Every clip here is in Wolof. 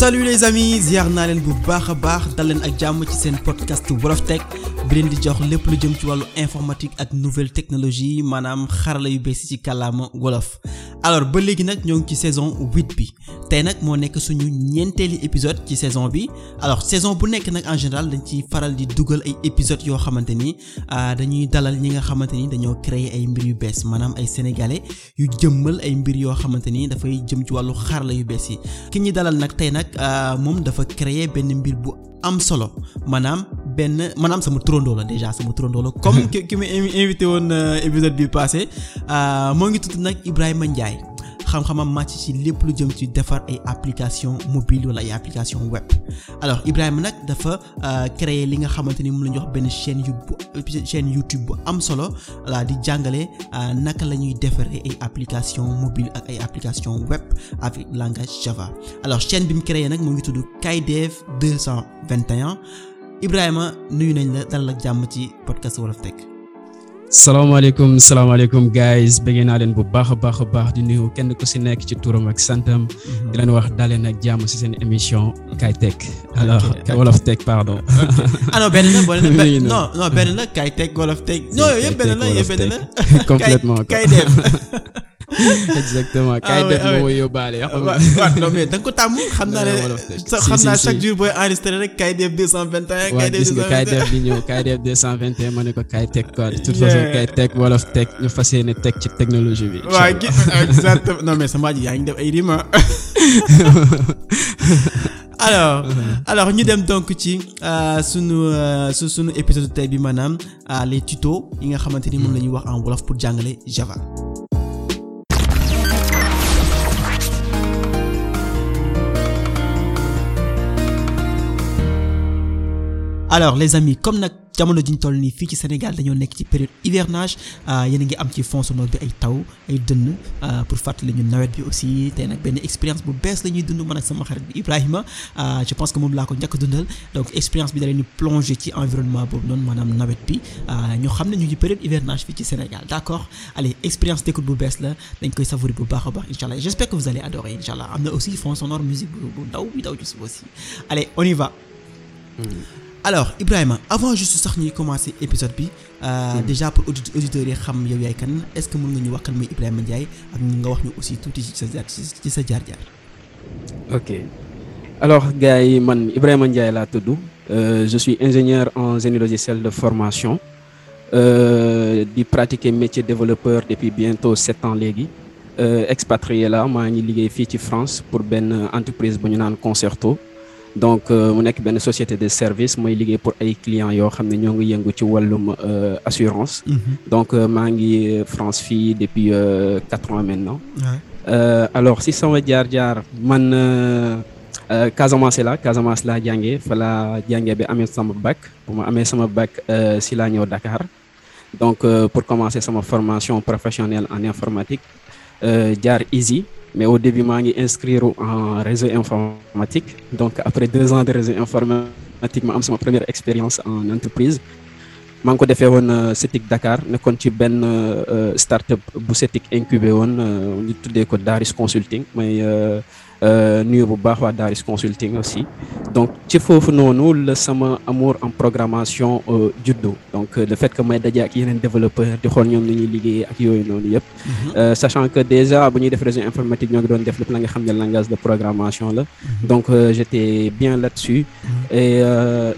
salut les amis ziar naa leen bu baax a baax dal leen ak jàmm ci seen podcast Wolof Tech bi leen di jox lépp lu jëm ci wàllu informatique ak nouvelle technologie maanaam xarala yu bees ci kàllaama wolof. alors ba léegi nag ñoo ngi ci saison huit bi tey nag moo nekk suñu ñeenteeli épisode ci saison bi alors saison bu nekk nag en général dañ ci faral di dugal ay épisodes yoo xamante ni ah, dañuy dalal ñi nga xamante ni dañoo créer ay mbir yu bees maanaam ay sénégalais yu jëmmal ay mbir yoo xamante ni dafay jëm ci wàllu xarala yu bees yi ki ñuy dalal nag tey nag nag euh, moom dafa créer benn mbir bu am solo maanaam benn maanaam sama turandoo la déjà sama turandoo la comme ki ki ma invité woon na euh, épisode bi passé euh, moo ngi tudd nag Ibrahima Ndiaye xam-xamam màcc ci lépp lu jëm ci defar ay application mobile wala ay application web alors Ibrahima nag dafa euh, créer li nga xamante ni mu la jox benn chaîne yu chaîne YouTube bu am solo voilà di jàngale euh, naka la ñuy defaree ay application mobile ak ay application web avec langage Java alors chaîne bi mu créé nag mu ngi tudd Kaidev 221 Ibrahima nuyu nañ la dalal ak jàmm ci podcast Wolof Tech salaamaaleykum salaamaaleykum guys bëggee naa leen bu baax a baax a baax di nuyu kenn ku si nekk ci turam ak santam mhm. di leen wax daleen ak jàmm si seen émission Kaay Tech alors wolof Tech pardon ah non benn la non non benn la Kaay Tech wolof Tech non yëpp benn la yëpp benn la complètement Kaay Dev exactement ah kaay dem ah moo yóbbaale. ko tàmm xam naa ne xam naa chaque jour booy enregistré rek kaay def 221. kaay def 221 waaw gis nga kaay def bi ñëw kaay def ma ne ko kaay teg quoi de toute façon teg wolof teg ñu fas teg ci technologie bi. waaw exactement non yaa ngi def ay rima. ñu dem donc ci euh, sunu euh, su sunu épisode tey bi ma naan euh, les tutos yi nga xamante ni moom la ñuy hmm. wax en wolof pour jàngale Java. alors les amis comme nag jamono ji ñu toll nii fii ci Sénégal dañoo nekk ci période hivernage euh, yéen ngi am ci fond sonore bi ay taw ay dënn euh, pour fàttali ñu nawet bi aussi te nag benn expérience bu bees la ñuy dund man ak sama xarit bi Ibrahima euh, je pense que moom laa ko njëkk a dundal donc expérience bi da leen di plonger ci environnement boobu noonu maanaam nawet bi ñoo xam ne ñu ngi période hivernage fii ci Sénégal d'accord allez expérience d'écoute bu bees la dañ koy savourer bu baax baax incha allah j'espère que vous allez adorer aussi fond sonore musique bu bu ndaw bi daw ci suuf aussi allez on alors Ibrahima avant juste sax ñuy commencer épisode bi euh, hmm. déjà pour audit auditeurs yi xam yow yaay kan est-ce que mën nga ñu wax kan mooy Ibrahima Ndiaye ak nga wax ni aussi tuuti ci sa jaar ci sa jaar ok alors gars man Ibrahima Ndiaye laa tudd euh, je suis ingénieur en génie logiciel de formation euh, di pratiquer métier développeur depuis bientôt sept ans léegi. Euh, expatrié la maa ngi liggéey fii ci France pour benn entreprise bu ñu naan Concerto. donc euh, mu nekk benn société de service mooy liggéey pour ay clients yoo xam ne ñoo ngi yëngu ci wàllum euh, assurance. Mhm. donc euh, maa ngi France fii depuis quatre ans maintenant. alors si sama jaar jaar man. Casamance la Casamance laa jàngee fa laa jàngee bi amee sama bac bu ma amee sama bac si laa ñëw Dakar donc pour commencer sama formation professionnel en informatique Euh, jaar easy mais au début maa ngi inscrire en réseau informatique donc après deux ans de réseau informatique ma am sama première expérience en entreprise maa ngi ko defee woon CETIC euh, Dakar nekkoon ci benn euh, startup bu CETIC incubé woon ñu tuddee ko Daris Consulting mais Euh, nuyu bu baax waa Daris Consulting aussi donc ci foofu noonu la sama amour en programmation euh, juddu donc euh, le fait que may daje ak yeneen développeur di xool ñoom ni ñuy liggéeyee ak yooyu noonu yëpp mhm. sachant que déjà bu ñuy def réseau informatique ñoo ngi doon def lépp la nga xam ne langage de programmation la mhm. donc j'étais bien là-dessus mhm. et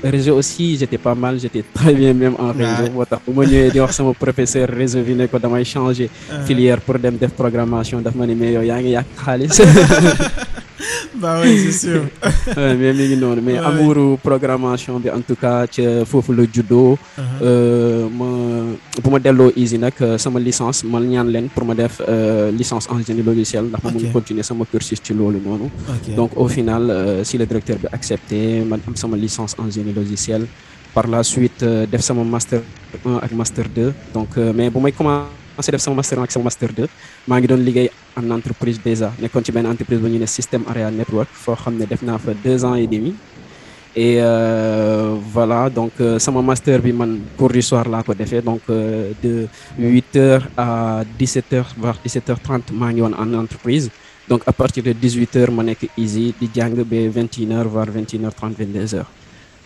réseau aussi j'étais pas mal j'étais très bien même en réseau moo tax bu ma ñëwee di wax sama professeur réseau bi ne ko damay changer filière pour dem def programmation daf ma mais yow yaa ngi yàq bah oui c'est sûr. mais mi ngi noonu mais amouru programmation bi en tout cas ca foofu la juddoo. Uh-huh. Euh, ma bu ma delloo Easy nag euh, sama licence ma ñaan leen pour ma def euh, licence en génie logiciel ndax ma mun continuer sama cursus ci loolu noonu. donc au final si le directeur bi accepté ma am sama licence en génie par la suite def sama master 1 donc mais bu may commencé. commencé def sama master 1 ak sama master 2 maa ngi doon liggéey en entreprise déjà nekkoon ci benn entreprise bu ñu ne système area network foo xam ne def naa fa deux ans et demi et euh, voilà donc euh, sama master bi man cours du laa ko defee donc euh, de 8 heures à 17 heures voire 17 heures maa ngi woon en entreprise donc à partir de 18 heures ma nekk easy di jàng ba 21 heures voire 21 heures 30 22 heures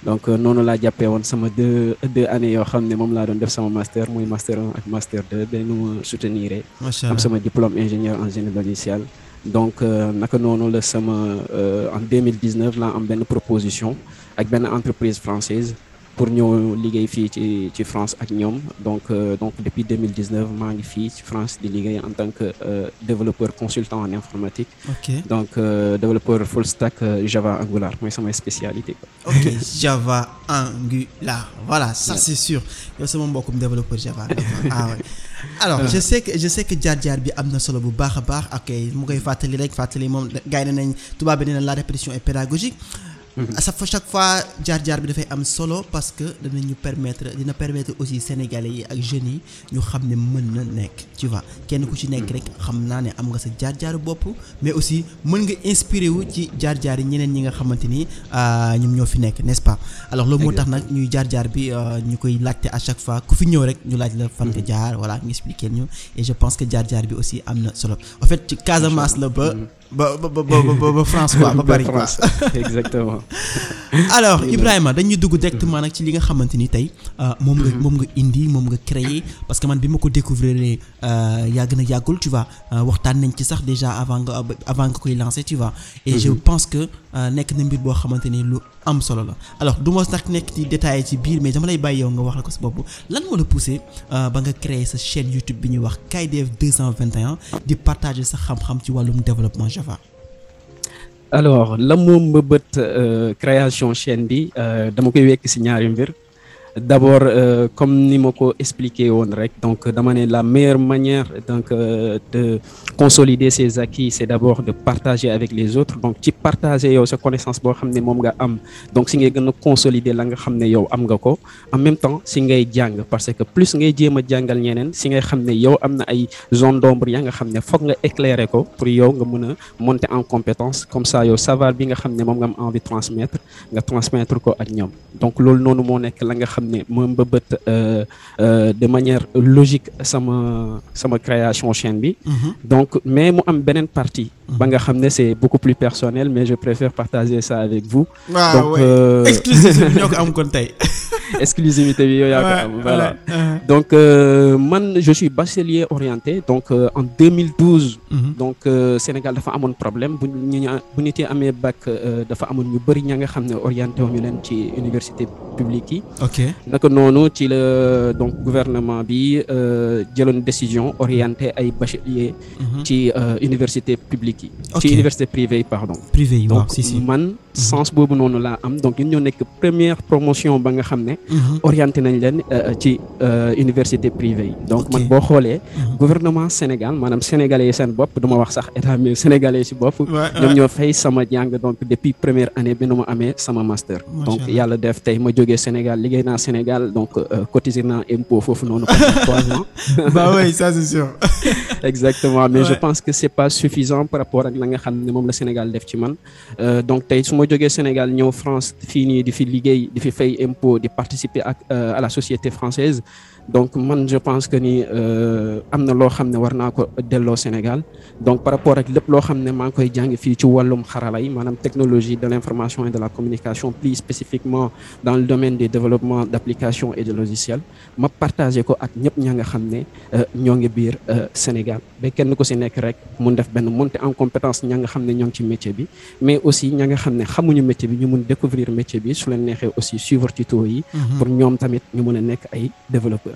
donc euh, noonu laa jàppee woon sama deux années yoo xam ne moom laa doon def sama master muy master 1 ak master 2 ba nu ma soutenir am sama diplôme ingénieur en génie logiciel donc euh, naka noonu la sama euh, en 2019 laa am benn proposition ak benn entreprise française pour ñëw liggéey fii ci ci France ak ñoom donc euh, donc depuis 2019 maa ngi fii ci France di liggéey en tant que euh, développeur consultant en informatique. ok donc euh, développeur full stack Java Angular mooy samay spécialité quoi. ok Java Angular voilà ça c'est sûr yow sama mbokkum développeur Java ah ouais alors ah. je sais que jaar-jaar bi am na solo bu baax a baax ok mu koy fàttali rek fàttali moom gars nañ tubaab bi nee na la répétition est pédagogique. à chaque fois jaar-jaar bi dafay am solo parce que danañu permettre dina permettre aussi sénégalais yi ak jeunes yi ñu xam ne mën na nekk ci vois kenn ku ci nekk mm. rek xam naa ne am nga sa jaar jaar bopp mais aussi mën nga inspiré wu ci jaar-jaar yi ñeneen ñi nga xamante ni euh, ñoom ñoo fi nekk n'est-ce pas alors loolu moo tax nag ñuy jaar-jaar bi euh, ñu koy laajte à chaque fois ku fi ñëw rek ñu laaj la fan nga mm. jaar voilà ñu expliquer ñu et je pense que jaar-jaar bi aussi am na solo fait ci Casamance la ba mm. ba ba ba ba France quoi ba Paris quoi exactement. alors Ibrahima dañuy dugg directement nag ci li nga xamante ni tey euh, moom nga mhm. moom nga indi moom nga créé parce que man bi ma ko découvrir ne euh, yàgg na yàggul tu vois euh, waxtaan nañ ci sax déjà avant nga avant nga koy lancer tu et je mhm. pense que. Euh, nekk na mbir boo xamante ni lu am solo la alors du ma sax nekk ci détail ci biir mais dama lay bàyyi yow nga wax la ko sa bopp lan moo la poussé euh, ba nga créer sa chaîne YouTube bi ñuy wax KDF 221 di partage sa xam-xam ci wàllum développement Java. alors la moom mbëbët euh, création chaîne bi dama koy wekk ci ñaari mbir. d'abord euh, comme ni ma ko expliqué woon rek donc dama ne la meilleure manière donc euh, de consolider ses acquis c'est d'abord de partager avec les autres donc ci partager yow sa connaissance boo xam ne moom nga am donc si ngay gën a consolider la nga xam ne yow am nga ko en temps si ngay jàng parce que plus ngay jéem a jàngal ñeneen si xam ne yow am na ay zone d'ombre ya nga xam ne foog nga éclairer ko pour yow nga mën a monter en compétence comme ça yow savoir bi nga xam ne moom nga am envie transmettre nga transmettre ko ak ñoom donc loolu noonu xam ne ma mbëbët euh, euh, de manière logique sama sama création chaîne bi mm-hmm. donc mais mu am beneen partie mm-hmm. ba nga xam ne c'est beaucoup plus personnel mais je préfère partager ça avec vous ah donc euh, exclusif ñoo ko am kon tey exclusivité bi yow yaa ko am voilà donc euh, man je suis bachelier orienté donc euh, en 2012 mhm. donc euh, Sénégal dafa amoon problème bu ñu bu ñu ci amee bac dafa amoon ñu bëri ña nga xam ne orienté wu ñu leen ci université publique yi ok naka noonu ci la donc gouvernement bi jëloon décision orienté ay bachelier mhm. ci université publique yi ci université privée yi pardon privé yi man mhm. sens boobu noonu laa am donc ñun nekk première promotion ba nga xam ne ne orienté nañ leen euh, euh, ci euh, université privée donc man boo xoolee mhm. gouvernement Sénégal maanaam sénégalais seen bopp du ma wax sax état mais sénégalais yi si bopp ñoom ñoo fay sama jàng donc depuis première année bi nu ma amee sama master donc yàlla def tey ma jógee Sénégal liggéey naa Sénégal donc cotiser naa impôt foofu noonu bah oui ça c'est sûr exactement mais je pense que c'est pas suffisant par rapport ak la nga xam ne moom la Sénégal def ci man donc tey su ma jógee Sénégal ñëw France fii nii di fi liggéey di participer à, euh, à la société française donc man je pense que ni euh, am na loo xam ne war naa ko delloo Sénégal donc par rapport ak lépp loo xam ne maa ngi koy jàng fii ci wàllum xarala yi maanaam technologie de l'information et de la communication plus spécifiquement dans le domaine des développements d'applications de logiciels ma partagé ko ak ñëpp ña nga xam ne euh, ñoo ngi biir euh, Sénégal ba kenn ku si nekk rek mun def benn monte en compétence ña nga xam ne ñoo ngi ci métier bi mais aussi ña nga xam ne xamuñu métier bi ñu mun découvrir métier bi su leen neexee aussi suivre yi mhm. a nekk ay développeurs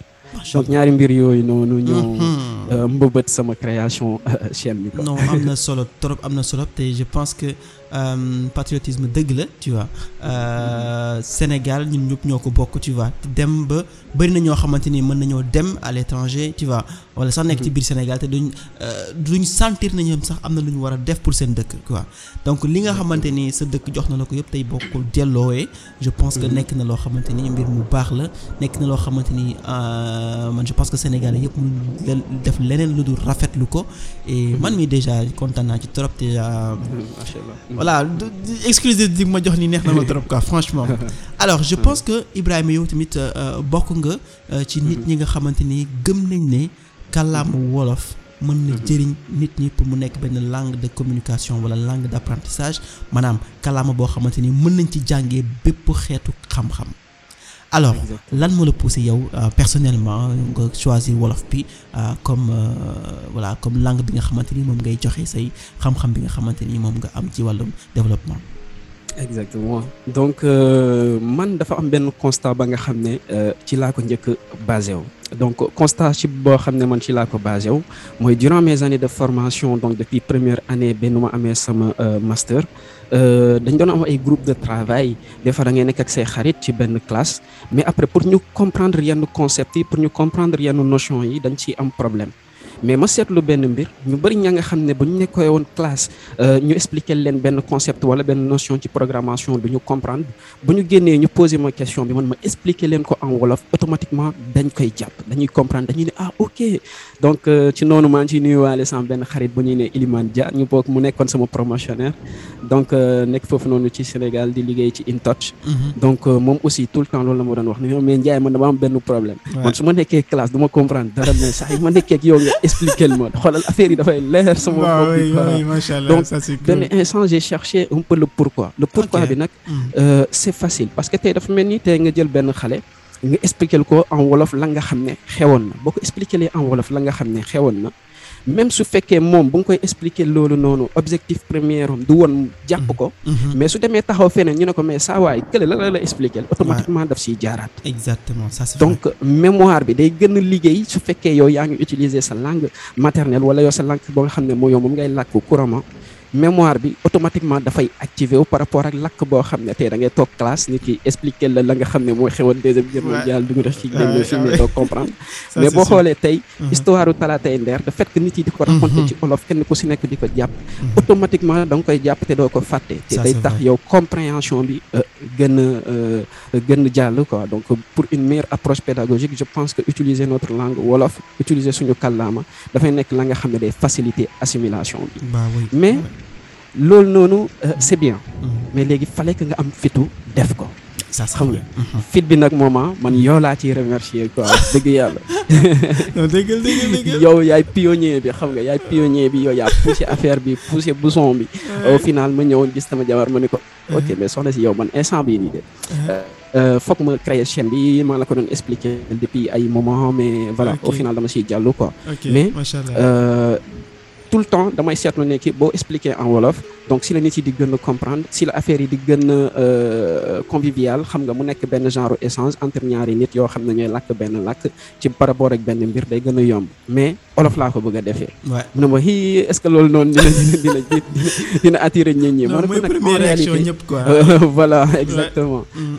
donc ñaari mbir yooyu noonu. ñoo mhm. euh, mbëbët sama création euh, chaîne bi. am na solo trop am na solo te je pense que. Euh, patriotisme dëgg la tu vois euh, Sénégal ñun ñëpp ñoo ko bokk tu vois dem ba bëri na ñoo xamante ni mën nañoo dem à l'étranger tu vois wala sax nekk ci mhm. biir Sénégal te duñ euh, duñ sentir na ñoom sax am na lu ñu war a def pour seen dëkk quoi donc li nga xamante ni sa dëkk jox na la ko yëpp tey bokkul delloowee je pense que mhm. nekk na loo xamante ni mbir mu baax la nekk na loo xamante ni man je pense que Sénégal yëpp mun def leneen lu dul rafetlu ko et man mi déjà kontaan naa ci trop déjà voilà exclusive di ma jox ni neex na ma trop quoi franchement alors je pense que Ibrahima yow tamit euh, euh, bokk nga euh, ci nit ñi nga xamante ni gëm nañ ne kàllaama wolof mën na jëriñ nit ñi pour mu nekk benn langue de communication wala langue d'apprentissage maanaam kalaama boo xamante ni mën nañ ci jàngee bépp xeetu xam-xam alors lan moo la poussé yow euh, personnellement nga choisir wolof bi euh, comme euh, voilà comme langue bi nga xamante ni moom ngay joxe say xam-xam bi nga xamante ni moom nga am ci wàllum développement. exactement donc man dafa am benn constat ba nga xam ne ci laa ko njëkk basé wu donc constat ci boo xam ne man ci laa ko basé wu mooy durant mes années de formation donc depuis première année ba nu ma amee sama master. Euh, dañ doon am ay groupe de travail des fois da ngay nekk ak say xarit ci benn classe mais après pour ñu comprendre yenn concept yi pour ñu comprendre yenn notion yi dañ ciy am problème mais ma seetlu benn mbir ñu bëri ña nga xam ne bu ñu nekkee woon classe euh, ñu expliquer leen benn concept wala benn notion ci programmation du ñu comprendre bu ñu génnee ñu posé ma question bi man ma expliquer leen ko en wolof dañ koy jàpp dañuy comprendre dañuy ne ah ok donc euh, ci noonu maa ngi ciy nuyuwaale sama benn xarit bu ñuy ne Ilimane Dia ñu bokk mu nekkoon sama promotionnaire donc euh, nekk foofu noonu ci Sénégal di liggéey ci in touch mhm. donc euh, moom aussi tout le temps loolu la ma doon wax ne mais Ndiaye man dama am benn problème man su ma nekkee classe du ma comprendre dara mais saa yu ma nekkee ak yow nga expliquer ma xoolal affaire yi dafay leer sama bopp donc benn instant j'ai cherché un peu le pourquoi le pourquoi bi nag mhm. euh, c'est facile parce que tey dafa mel ni tey nga jël benn xale nga expliquer ko en wolof la nga xam ne xewoon boo ko expliquer en wolof la nga xam ne xewoon na même su fekkee moom bu nga koy expliquer loolu noonu objectif première du woon jàpp mm-hmm. ko. Mm-hmm. mais su demee taxaw feneen ñu ne ko mais saa waay kële la la la expliquer automatiquement daf siy jaaraat. exactement donc mémoire bi day gën a liggéey su fekkee yow yaa ngi utiliser sa langue maternelle wala yow sa langue boo nga xam ne mooy yow moom ngay làkk couramment. mémoire bi automatiquement dafay activé wu par rapport ak lakk boo xam ne tey dangay ngay toog classe nit ki expliqué la la nga xam ne mooy xewoon deuxième guerre mondiale du mu def ci dégg film ne doo mais boo xoolee tey mhm. histoire u Talatay de fait nit yi di ko mhm. raconté ci olof kenn ku si nekk di ko jàpp mhm. automatiquement da koy jàpp doo ko fàtte te day tax yow compréhension bi euh, gën a euh, gën a jàll quoi donc pour une meilleure approche pédagogique je pense que utiliser notre langue wolof utiliser suñu kàllaama dafay nekk la nga xam ne day faciliter assimilation bi loolu noonu euh, c'est bien. Mm-hmm. mais léegi fallait que nga am fitu def ko. ça xam nga. Mm-hmm. fit bi nag mooma ah, man yow laa ciy remercier quoi dëgg yàlla. non dëggal dëggal dëggal yow yaay pionnier bi xam nga yaay pionnier bi yow yaa poussé affaire bi poussé bouson bi. au final ma ñëwoon gis sama jabar ma ne ko. Mm-hmm. ok mais soxna si yow man instant bii nii de. Euh, euh, foog ma créer chaîne bi maa la ko doon expliquer depuis ay moment mais voilà au final dama siy jàll quoi. mais tout le temps damay seetlu ne ki boo expliquer en wolof donc si la nit yi di gën a comprendre si la affaire yi di gën euh, convivial xam nga mu nekk benn genre échange entre ñaari nit yoo xam ne ñooy làkk benn làkk ci par rapport ak benn mbir day gën a yomb mais olof laa ko bëgg a defee. mu ne ma hi est ce que loolu noonu dina dina dina attirer ñit ñi.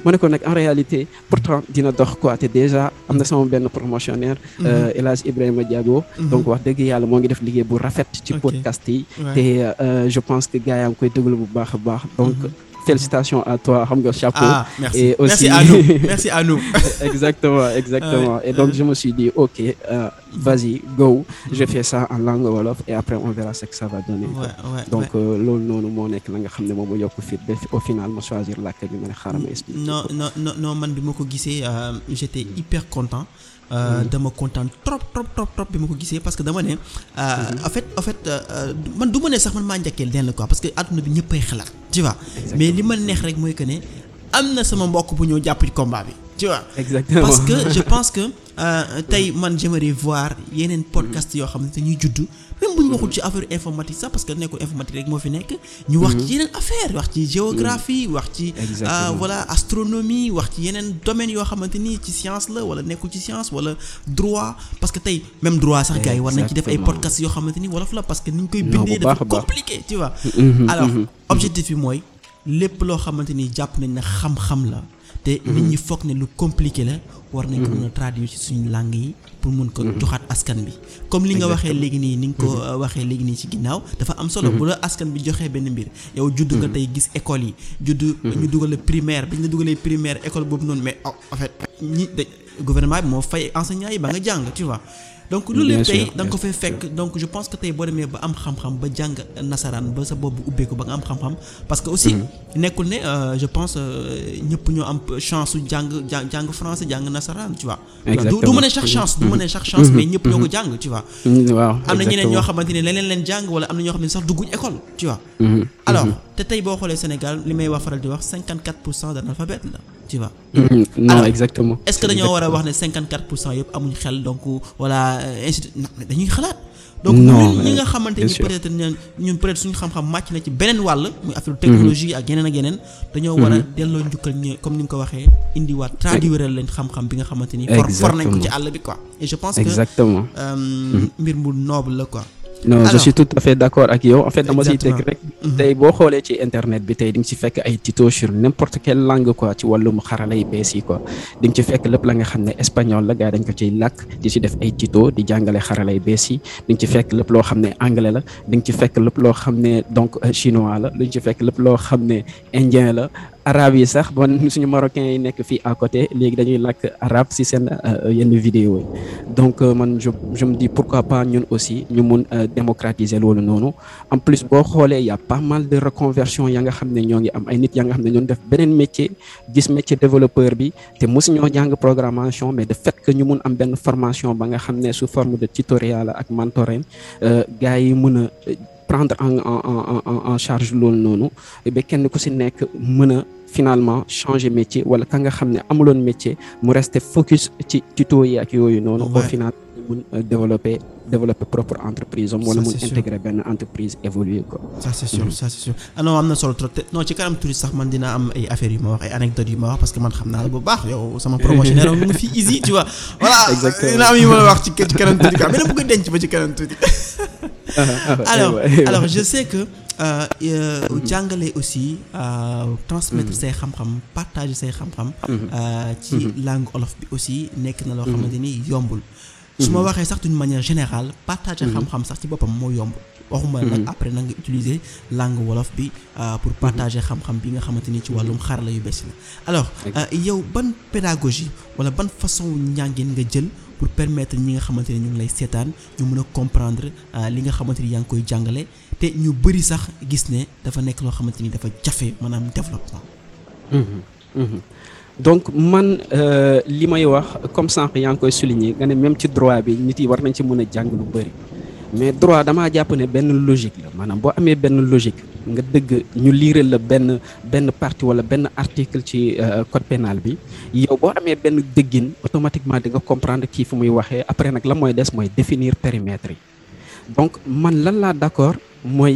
ma ne ko nag en réalité quoi. pourtant dina dox quoi te déjà am na sama benn promotionnaire. Mm-hmm. Euh, El Hadj Ibrahima Diago. Mm-hmm. donc wax moo ngi def liggéey ci podcast yi te euh, je pense que gars yaa ngi koy déglu bu baax a baax donc mm-hmm. félicitations à toi xam nga chapeau ah, merci. et aussi merci à nous merci exactement et donc je me suis dit ok euh, mm-hmm. vas-y go je mm-hmm. fais ça en langue wolof et après on verra ce que ça va donner donc euh, loolu noonu moo nekk la nga xam ne moom moo yokk fit ba au final ma choisir làkk bi ma ne xaaral ma mm, expliquer non man bi ma ko gisee j'étais hyper Euh, mm-hmm. dama kontaan trop trop trop trop bi ma ko gisee parce que dama ne. Euh, mm-hmm. en fait en fait euh, man du ma ne sax man maa njëkkee leen ko parce que àdduna bi ñëppay xalaat. tu mais li ma neex rek mooy que ne am na sama mbokk bu ñëw jàpp ci combat bi. tu vois exactement parce que je pense que tey man j'aimerais voir yeneen podcast yoo xam ne dañuy juddu même bu ñu waxul ci affaire informatique sax parce que nekkul informatique rek moo fi nekk. ñu wax ci mhm. yeneen affaire wax ci géographie. Mhm. wax ci euh, astronomie wax ci yeneen domaines yoo xamante ni ci science la wala nekkul ci science wala droit parce que tey même droit sax gars yi war nañ ci def ay podcast yoo xamante ni wolof la parce que ni ñu koy bindee dafa compliqué tu vois. Mhm, alors objectif bi mooy lépp loo xamante ni jàpp nañ ne xam-xam la. te mhm. nit ñi foog ne lu compliqué la war nañ ko mhm. mën a traduire ci suñu langue yi pour mun ko mhm. joxaat askan bi comme li nga waxee léegi nii ni nga ko euh, waxee léegi nii ci ginnaaw dafa am solo bu la askan bi joxee benn mbir yow juddu nga tey gis école yi judd ñu dugal primaire bi ñu la dugalee primaire école boobu noonu mais oh, en fait ñi gouvernement bi moo fay enseignants yi ba nga jàng tu donc loolu lépp tey da nga ko fekk donc je pense que tey boo demee ba am xam-xam ba jàng nasaraan ba sa bopp bu ubbeeku ba nga am xam-xam parce que aussi mhm. nekkul ne euh, je pense euh, ñëpp ñoo am chance jàng jàng français jàng nasaraan tu vois du ma ne chaque chance du ma ne chaque chance mais mhm. ñëpp ñoo ko mhm. jàng tu am na ñeneen ñoo xamante ne leneen leen jàng wala am na ñoo xam ne sax dugguñ école tu vois alors te tey boo xoolee Sénégal li may wax faral di wax cinquante quatre pour tu vois. Mm-hmm. non exactement. est ce que dañoo war a wax ne 54 pour cent yëpp amuñ xel donc voilà ainsi dañuy xalaat. donc ñun ñi nga xamante ni peut être ñun peut être suñu xam-xam màcc na ci beneen wàll. muy affaire mm-hmm. technologie ak yeneen ak yeneen. dañoo war a mm-hmm. delloo njukkal ñu comme ni nga ko waxee indiwaat traduire leen xam-xam bi nga xamante ni. for for nañ ko ci àll bi quoi. et je pense que euh, mbir mu noobu la quoi. non Alors, je suis tout à fait d'accord ak yow en fait dama siy teg rek mhm. tey boo xoolee ci internet bi tey di nga ci fekk ay tuto sur n'importe quelle langue quoi ci wàllum xarala yi bees yi quoi di nga ci fekk lépp la nga xam ne espagnol la gars dañ ko ciy làkk di si def ay tuto di jàngale xarala yi bees yi di nga ci fekk lépp loo xam ne anglais la di nga ci fekk lépp loo xam ne donc euh, chinois la di nga ci fekk lépp loo xam ne indien la arabe yi sax bon suñu marocain yi nekk fii à côté léegi dañuy làkk arabe si seen euh, yenn vidéo yi donc euh, man je je me dis pourquoi pas ñun aussi ñu mun euh, démocratiser loolu noonu en plus boo xoolee y a pas mal de reconversion ya nga xam ne ñoo ngi am ay nit ya nga xam ne ñoo def beneen métier gis métier développeur bi te mosu ñoo jàng programmation mais de fait que ñu mun am benn formation ba nga xam ne sous forme de tutoriel ak mentoring gars yi mën a prendre en en en en charge loolu noonu finalement changer métier wala ka nga xam ne amuloon métier mu rester focus ci tuto ak yooyu noonu au final euh, développer propre entreprise am mun intégrer benn entreprise évoluer ko mhm. ci kanam tuuti sax man dinaa am ay yu ma wax ay yu ma wax parce que man xam naa la bu baax yow sama promotionnaire mu ngi fi easy tu vois voilà dinaa am yu ma wax ci kanam tuuti quoi mais na a denc ba ci kanam tuuti Euh, alors eh eh alors je sais que euh, euh, mm-hmm. jàngale aussi transmettre mm-hmm. say xam-xam partager say xam-xam mm-hmm. ci langue olof bi aussi nekk na loo xamante ni yombul su ma waxee sax d'une manière générale partager xam-xam sax ci boppam moo yomb waxuma nag après na nga utiliser langue wolof bi pour partager xam-xam bi nga xamante ni ci wàllum xarala yu bees la alors yow ban pédagogie wala ban façon njàngin nga jël pour permettre ñi nga xamante ne ñu ngi lay seetaan ñu mën a comprendre euh, li nga xamante ni yaa ngi koy jàngale te ñu bëri sax gis ne dafa nekk loo xamante ni dafa jafe maanaam développement. Mhm, mhm. donc man euh, li may wax comme sànq yaa ngi koy souligner nga ne même ci droit bi nit yi war nañ ci mën a jàng lu bëri. mais droit damaa jàpp ne benn logique la maanaam boo amee benn logique nga dëgg ñu liiral la benn benn partie wala benn article ci euh, code pénal bi yow boo amee benn dëggin automatiquement di nga comprendre kii fu muy waxee après nag la mooy des mooy définir périmètre yi donc man lan laa d'accord mooy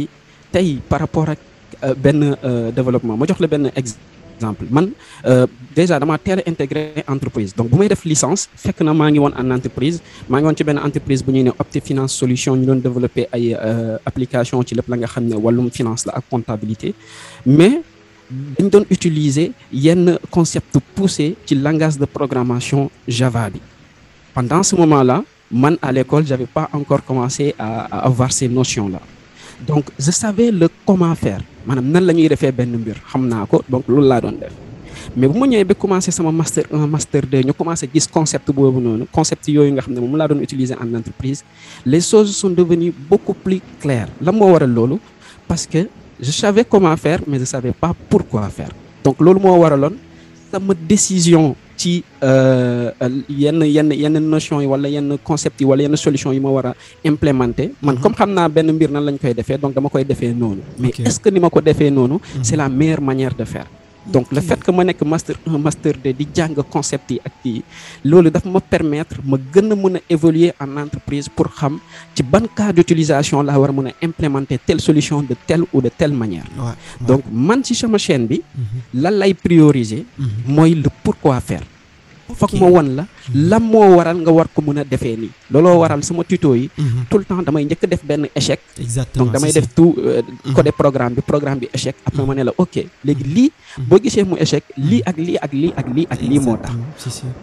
tey par rapport ak euh, benn euh, développement ma jox la benn exemple exemple man euh, déjà dama teel a intégré entreprise donc bu may def licence fekk na maa ngi woon en entreprise maa ngi woon ci benn entreprise bu ñu ne Opti Finance Solution ñu doon développé ay euh, application ci lépp la nga xam ne wàllum finance la ak comptabilité mais dañ doon utiliser yenn concept poussé ci langage de programmation Java bi pendant ce moment là man à l'école j'avais pas encore commencé à avoir ces notions là donc je savais le comment faire maanaam nan la ñuy defee benn mbir xam naa ko donc loolu laa doon def mais bu ma ñëwee ba commencé sama master 1 master 2 ñu commencé gis concept boobu noonu concept yooyu nga xam ne moom laa doon utiliser en entreprise les choses sont devenues beaucoup plus claires la moo waral loolu parce que je savais comment faire mais je savais pas pourquoi faire donc loolu moo waraloon sama décision ci euh, yenn yenn yenn notion yi wala yenn concept yi wala yenn solution yi ma war a implémenter man mhm. comme xam naa benn mbir nan lañ koy defee donc dama koy defee noonu mais est-ce que ni ma ko defee noonu mhm. c'est la meilleure manière de faire donc le fait que ma nekk master 1 master 2 di jàng concept yi ak kii loolu dafa ma permettre ma gën a mën a évoluer en entreprise pour xam ci ban cas d' utilisation laa war a mën a implémenter telle solution de telle ou de telle manière. donc man ci sama chaine bi. Mhm. lan lay prioriser. Mhm. mooy le pourquoi faire. foog ma won la lan moo waral nga war ko mën a defee nii looloo waral suma tuto yi mhm. tout le temps damay jëkk def benn échec exactement donc damay def tout euh, mhm. code programme bi programme bi échec après mhm. ma ne la ok léegi lii boo gisee mu échec lii ak lii ak lii ak lii ak lii moo tax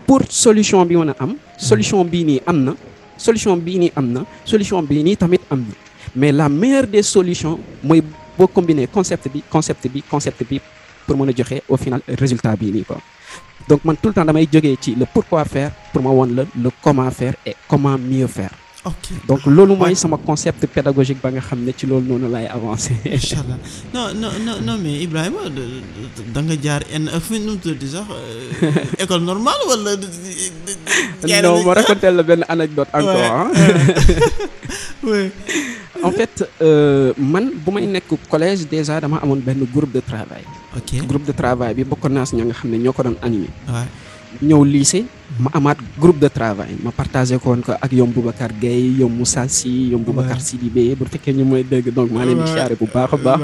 pour solution bi mën a am solution bii nii am na solution bii nii am na solution bi nii tamit am na mais la meilleure des solutions mooy boo combiner concept bi concept bi concept pour mën a joxe au final résultat bii nii quoi donc man tout le temps damay jógee ci la pourquoi faire pour ma woon la le comment faire et comment mieux faire. donc loolu mooy sama concept pédagogique ba nga xam ne ci loolu noonu laay avancé. incha allah non non non non mais Ibrahima da jaar en fu nu mu tudd sax école normale wala. non ma raconté la benn anecdote encore ah. en fait euh, man bu may nekk collège déjà dama amoon benn groupe de travail. ok groupe de travail bi bokkoon naa si ñoo nga xam ne ñoo ko doon animé. waaw ñëw lycée. ma amaat groupe de travail ma partagé ko woon ko ak yom Boubacar Gueye yom Moussa Sy yom Boubacar Sidibé bu fekkee ñu bu baax a baax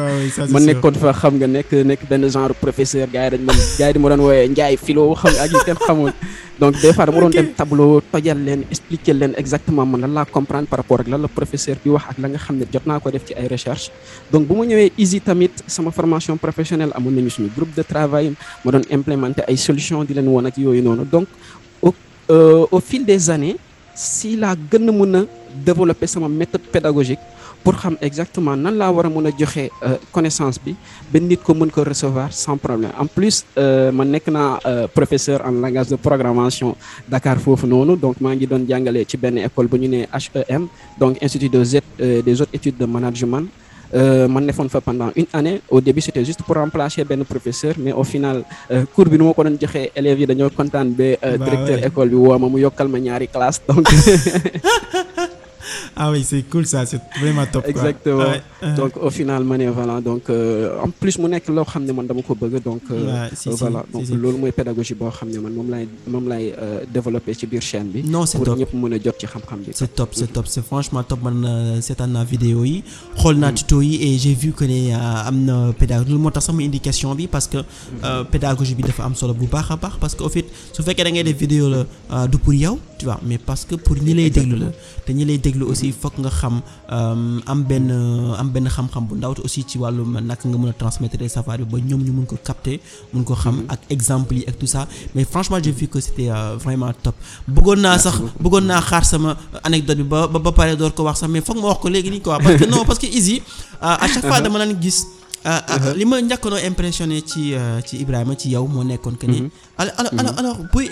ma nekkoon fa xam nga nekk nekk genre professeur gars yi ma doon wooyee Ndiaye philo xam nga ak yu kenn xamoon donc des fois dama doon leen expliquer leen exactement man lan laa comprendre par rapport ak lan la professeur bi wax ak la nga xam ne jot naa ko def ci ay recherche donc bu ma ñëwee ISI tamit sama formation professionnelle amoon nañu suñu groupe de travail ma doon implémenter ay solution di leen woon ak yooyu noonu donc Euh, au fil des années si la gën a mën a développer sama méthode pédagogique pour xam exactement nan laa war a mën a joxe euh, connaissance bi ba nit ko mën ko recevoir sans problème en plus euh, man nekk naa professeur en langage de programmation Dakar foofu noonu donc maa ngi doon jàngale ci benn école bu ñu nee HEM donc institut des des autres études de management Euh, man defoon fa pendant une année au début c' était juste pour remplacer benn professeur mais au final euh, cours bi nu ma ko doon joxee élèves yi dañoo kontaan ba euh, directeur école bi woo ma mu yokkal ma ñaari classe donc ah oui c'est cool ça c'est vraiment top exactement ah euh. donc au final ma ne voilà donc euh, en plus mu nekk loo xam ne man dama ko bëgg donc. Euh, voilà donc loolu mooy pédagogie boo xam ne man moom laay moom laay développé ci biir chaîne bi. non c'est top pour ñëpp mën a jot ci xam-xam bi. c'est top c'est top c'est franchement top man seetaan naa vidéo yi. xool naa tuto yi et j'ai vu que ne am na pédagogie loolu moo tax sama indication bi parce que pédagogie bi dafa am solo bu baax a baax parce que au fait su fekkee da ngay def vidéo la du yow. tu vois mais parce que pour ñi lay déglu la te ñi lay déglu aussi mm-hmm. fokk nga xam euh, am benn am benn xam-xam bu ndaw te aussi ci wàllum naka nga mën a transmettre savoir bi ba ñoom ñu mun ko capter mun ko xam mm-hmm. ak exemple yi ak tout ça mais franchement j'ai vu que c'était euh, vraiment naa sax bëggoon naa xaar sama anecdote bi ba ba pare door ko wax sax mais fokk ma wax ko léegi nii quoi parce que non parce que Izzy euh, à chaque fois uh-huh. dama leen gis uh-huh. li ma njëkkoon impressionné ci ci Ibrahima ci yow moo nekkoon que ni mm-hmm. alors booy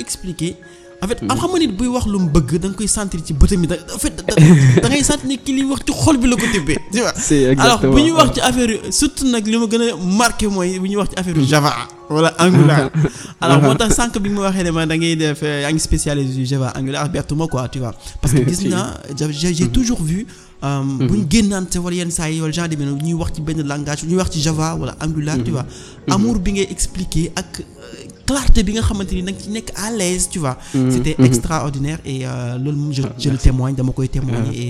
en fait hmm. am xam nga nit buy wax lu bëgg da nga koy sentir ci bëtam yi wax ci xol bi la ko tibbee tu vois alors bu ñuy wax ci affaire surtout nag li ma gën a marqué mooy bu ñuy wax ci affaire Java wala Angular alors moo uh-huh. tax bi da ngay def euh, yaa ngi spécialisé du Java Angular bertuma quoi tu ñuy wax ci benn langage ñuy wax ci Java wala mm-hmm. ak euh, clarté bi nga xamante ni nag ci nekk à l'aise tu vois. Mm-hmm. c'était mm-hmm. extraordinaire et euh, loolu moom je ah, je témoigne dama koy témoigner ah. et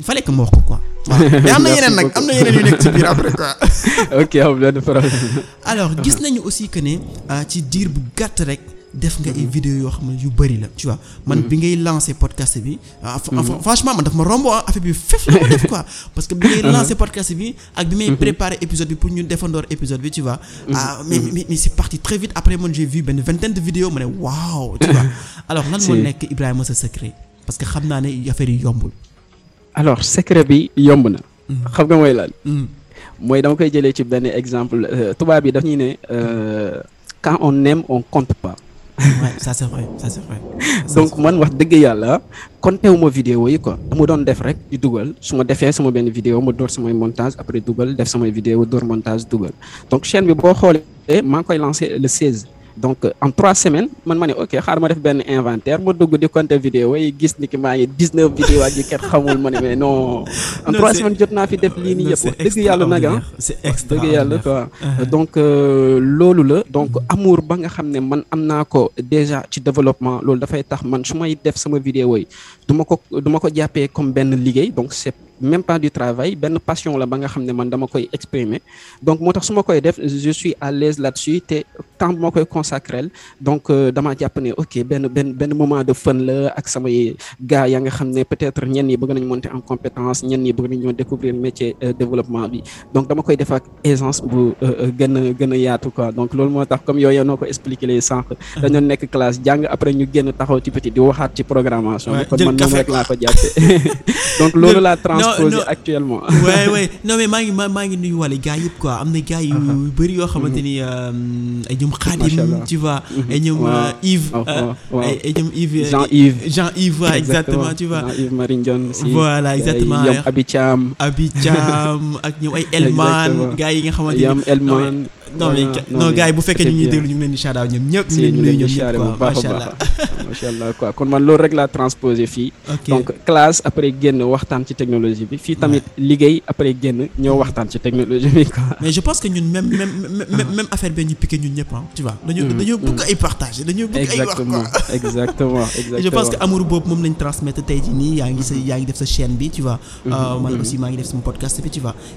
il fallait que ma wax ko quoi. mais am na yeneen nag am na yeneen yu nekk ci biir après quoi. ok amul benn problème. alors gis nañu aussi que ne euh, ci diir bu gàtt rek. def nga ay mhm. vidéo yoo xam ne yu bëri la tu vois man mhm. bi ngay lancé podcast bi ah, mhm. franchement man daf ma romb ah, affaire bi fef la ma def quoi parce que bi ngay lancé podcast bi ak bi may préparé épisode bi pour ñu defandoor épisode bi tu vois ah mais mais mais c'est très vite après man j'ai vu benn vingtaine de vidéos ma ne waaw tu nekk Ibrahima sa secret parce que xam naa ne affaire yi yombul alors secret bi yomb na xam nga mooy lan mooy dama koy jëlee ci benn exemple euh, tubaab yi daf ñuy ne euh, quand on aime on compte ouais ça c'est vrai ça donc man wax dëgg yàlla konteewu ma vidéo yi ko dama doon def rek di dugal su ma defee sama benn vidéo ma door samay montage après dugal def samay vidéo door montage dugal donc chaîne bi boo xoolee maa ngi koy lancé le 16. donc en trois semaines man ma ne ok xaar ma def benn inventaire ma dugg di compter vidéo yi gis ni ki maa ngi dix-neuf vidéo ak yi kenn xamul ma ne mais non en trois semaines jot naa fi def lii nii yëpp dëgg yàlla nag ah dëgg yàlla uh-huh. donc euh, loolu la donc amour ba nga xam ne man am naa ko déjà ci développement loolu dafay tax man su may def sama vidéo yi du ma ko du ma ko jàppee comme benn liggéey donc c'est même pas du travail benn passion la ba nga xam ne man dama koy exprimer donc moo tax suma koy def je suis à l'aise là-dessus te temps moo koy consacrel donc euh, dama jàpp ne benn benn benn moment de fun la ak samay gars yaa nga xam ne peut-être bëgg nañ monter en compétence ñenn ñi bëgg nañoo découvrir métier euh, développement bi donc dama koy def ak aisance bu euh, gën a gën a yaatu quoi donc loolu moo tax comme yooyu noo ko expliqué les sànq dañoo mmh. nekk classe jàng après ñu génn taxaw ci petit di waxaat ci programmation bi kon man moom rek laa ko jàppe donc loolu exposé actuellement. ouais ouais non mais maa ngi maa ngi nuyu wàllu gars yëpp quoi am na gars yu ah, ah. bëri yoo xamante mhm. ni euh, am ñoom Khadim tu vois ay ñoom Yves. ay ñoom euh, Jean Yves. Jean Yves exactement tu vois. Jean Yves Marie Ndione aussi. voilà exactement Abi Thiam. Abi Thiam ak ñoom ay Elman. yi nga xamante non mais bu fekkee ñu ngi déglu ñu ngi leen di ñoom ñëpp ñu ngi a baax macha allah quoi kon man loolu rek laa transposé fii donc classe après génn waxtaan ci technologie bi fii tamit liggéey après génn ñëw waxtaan ci technologie bi quoi mais je pense que ñun ah. mm-hmm. mm-hmm. boobu moom lañ transmettre tey jii nii yaa ngi sa mm-hmm. yaa ngi def sa chaîne bi tu vois euh, man aussi maa ngi def sama podcast bi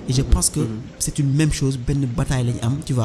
je pense que c'est une même chose benn bataille lañ am tu vois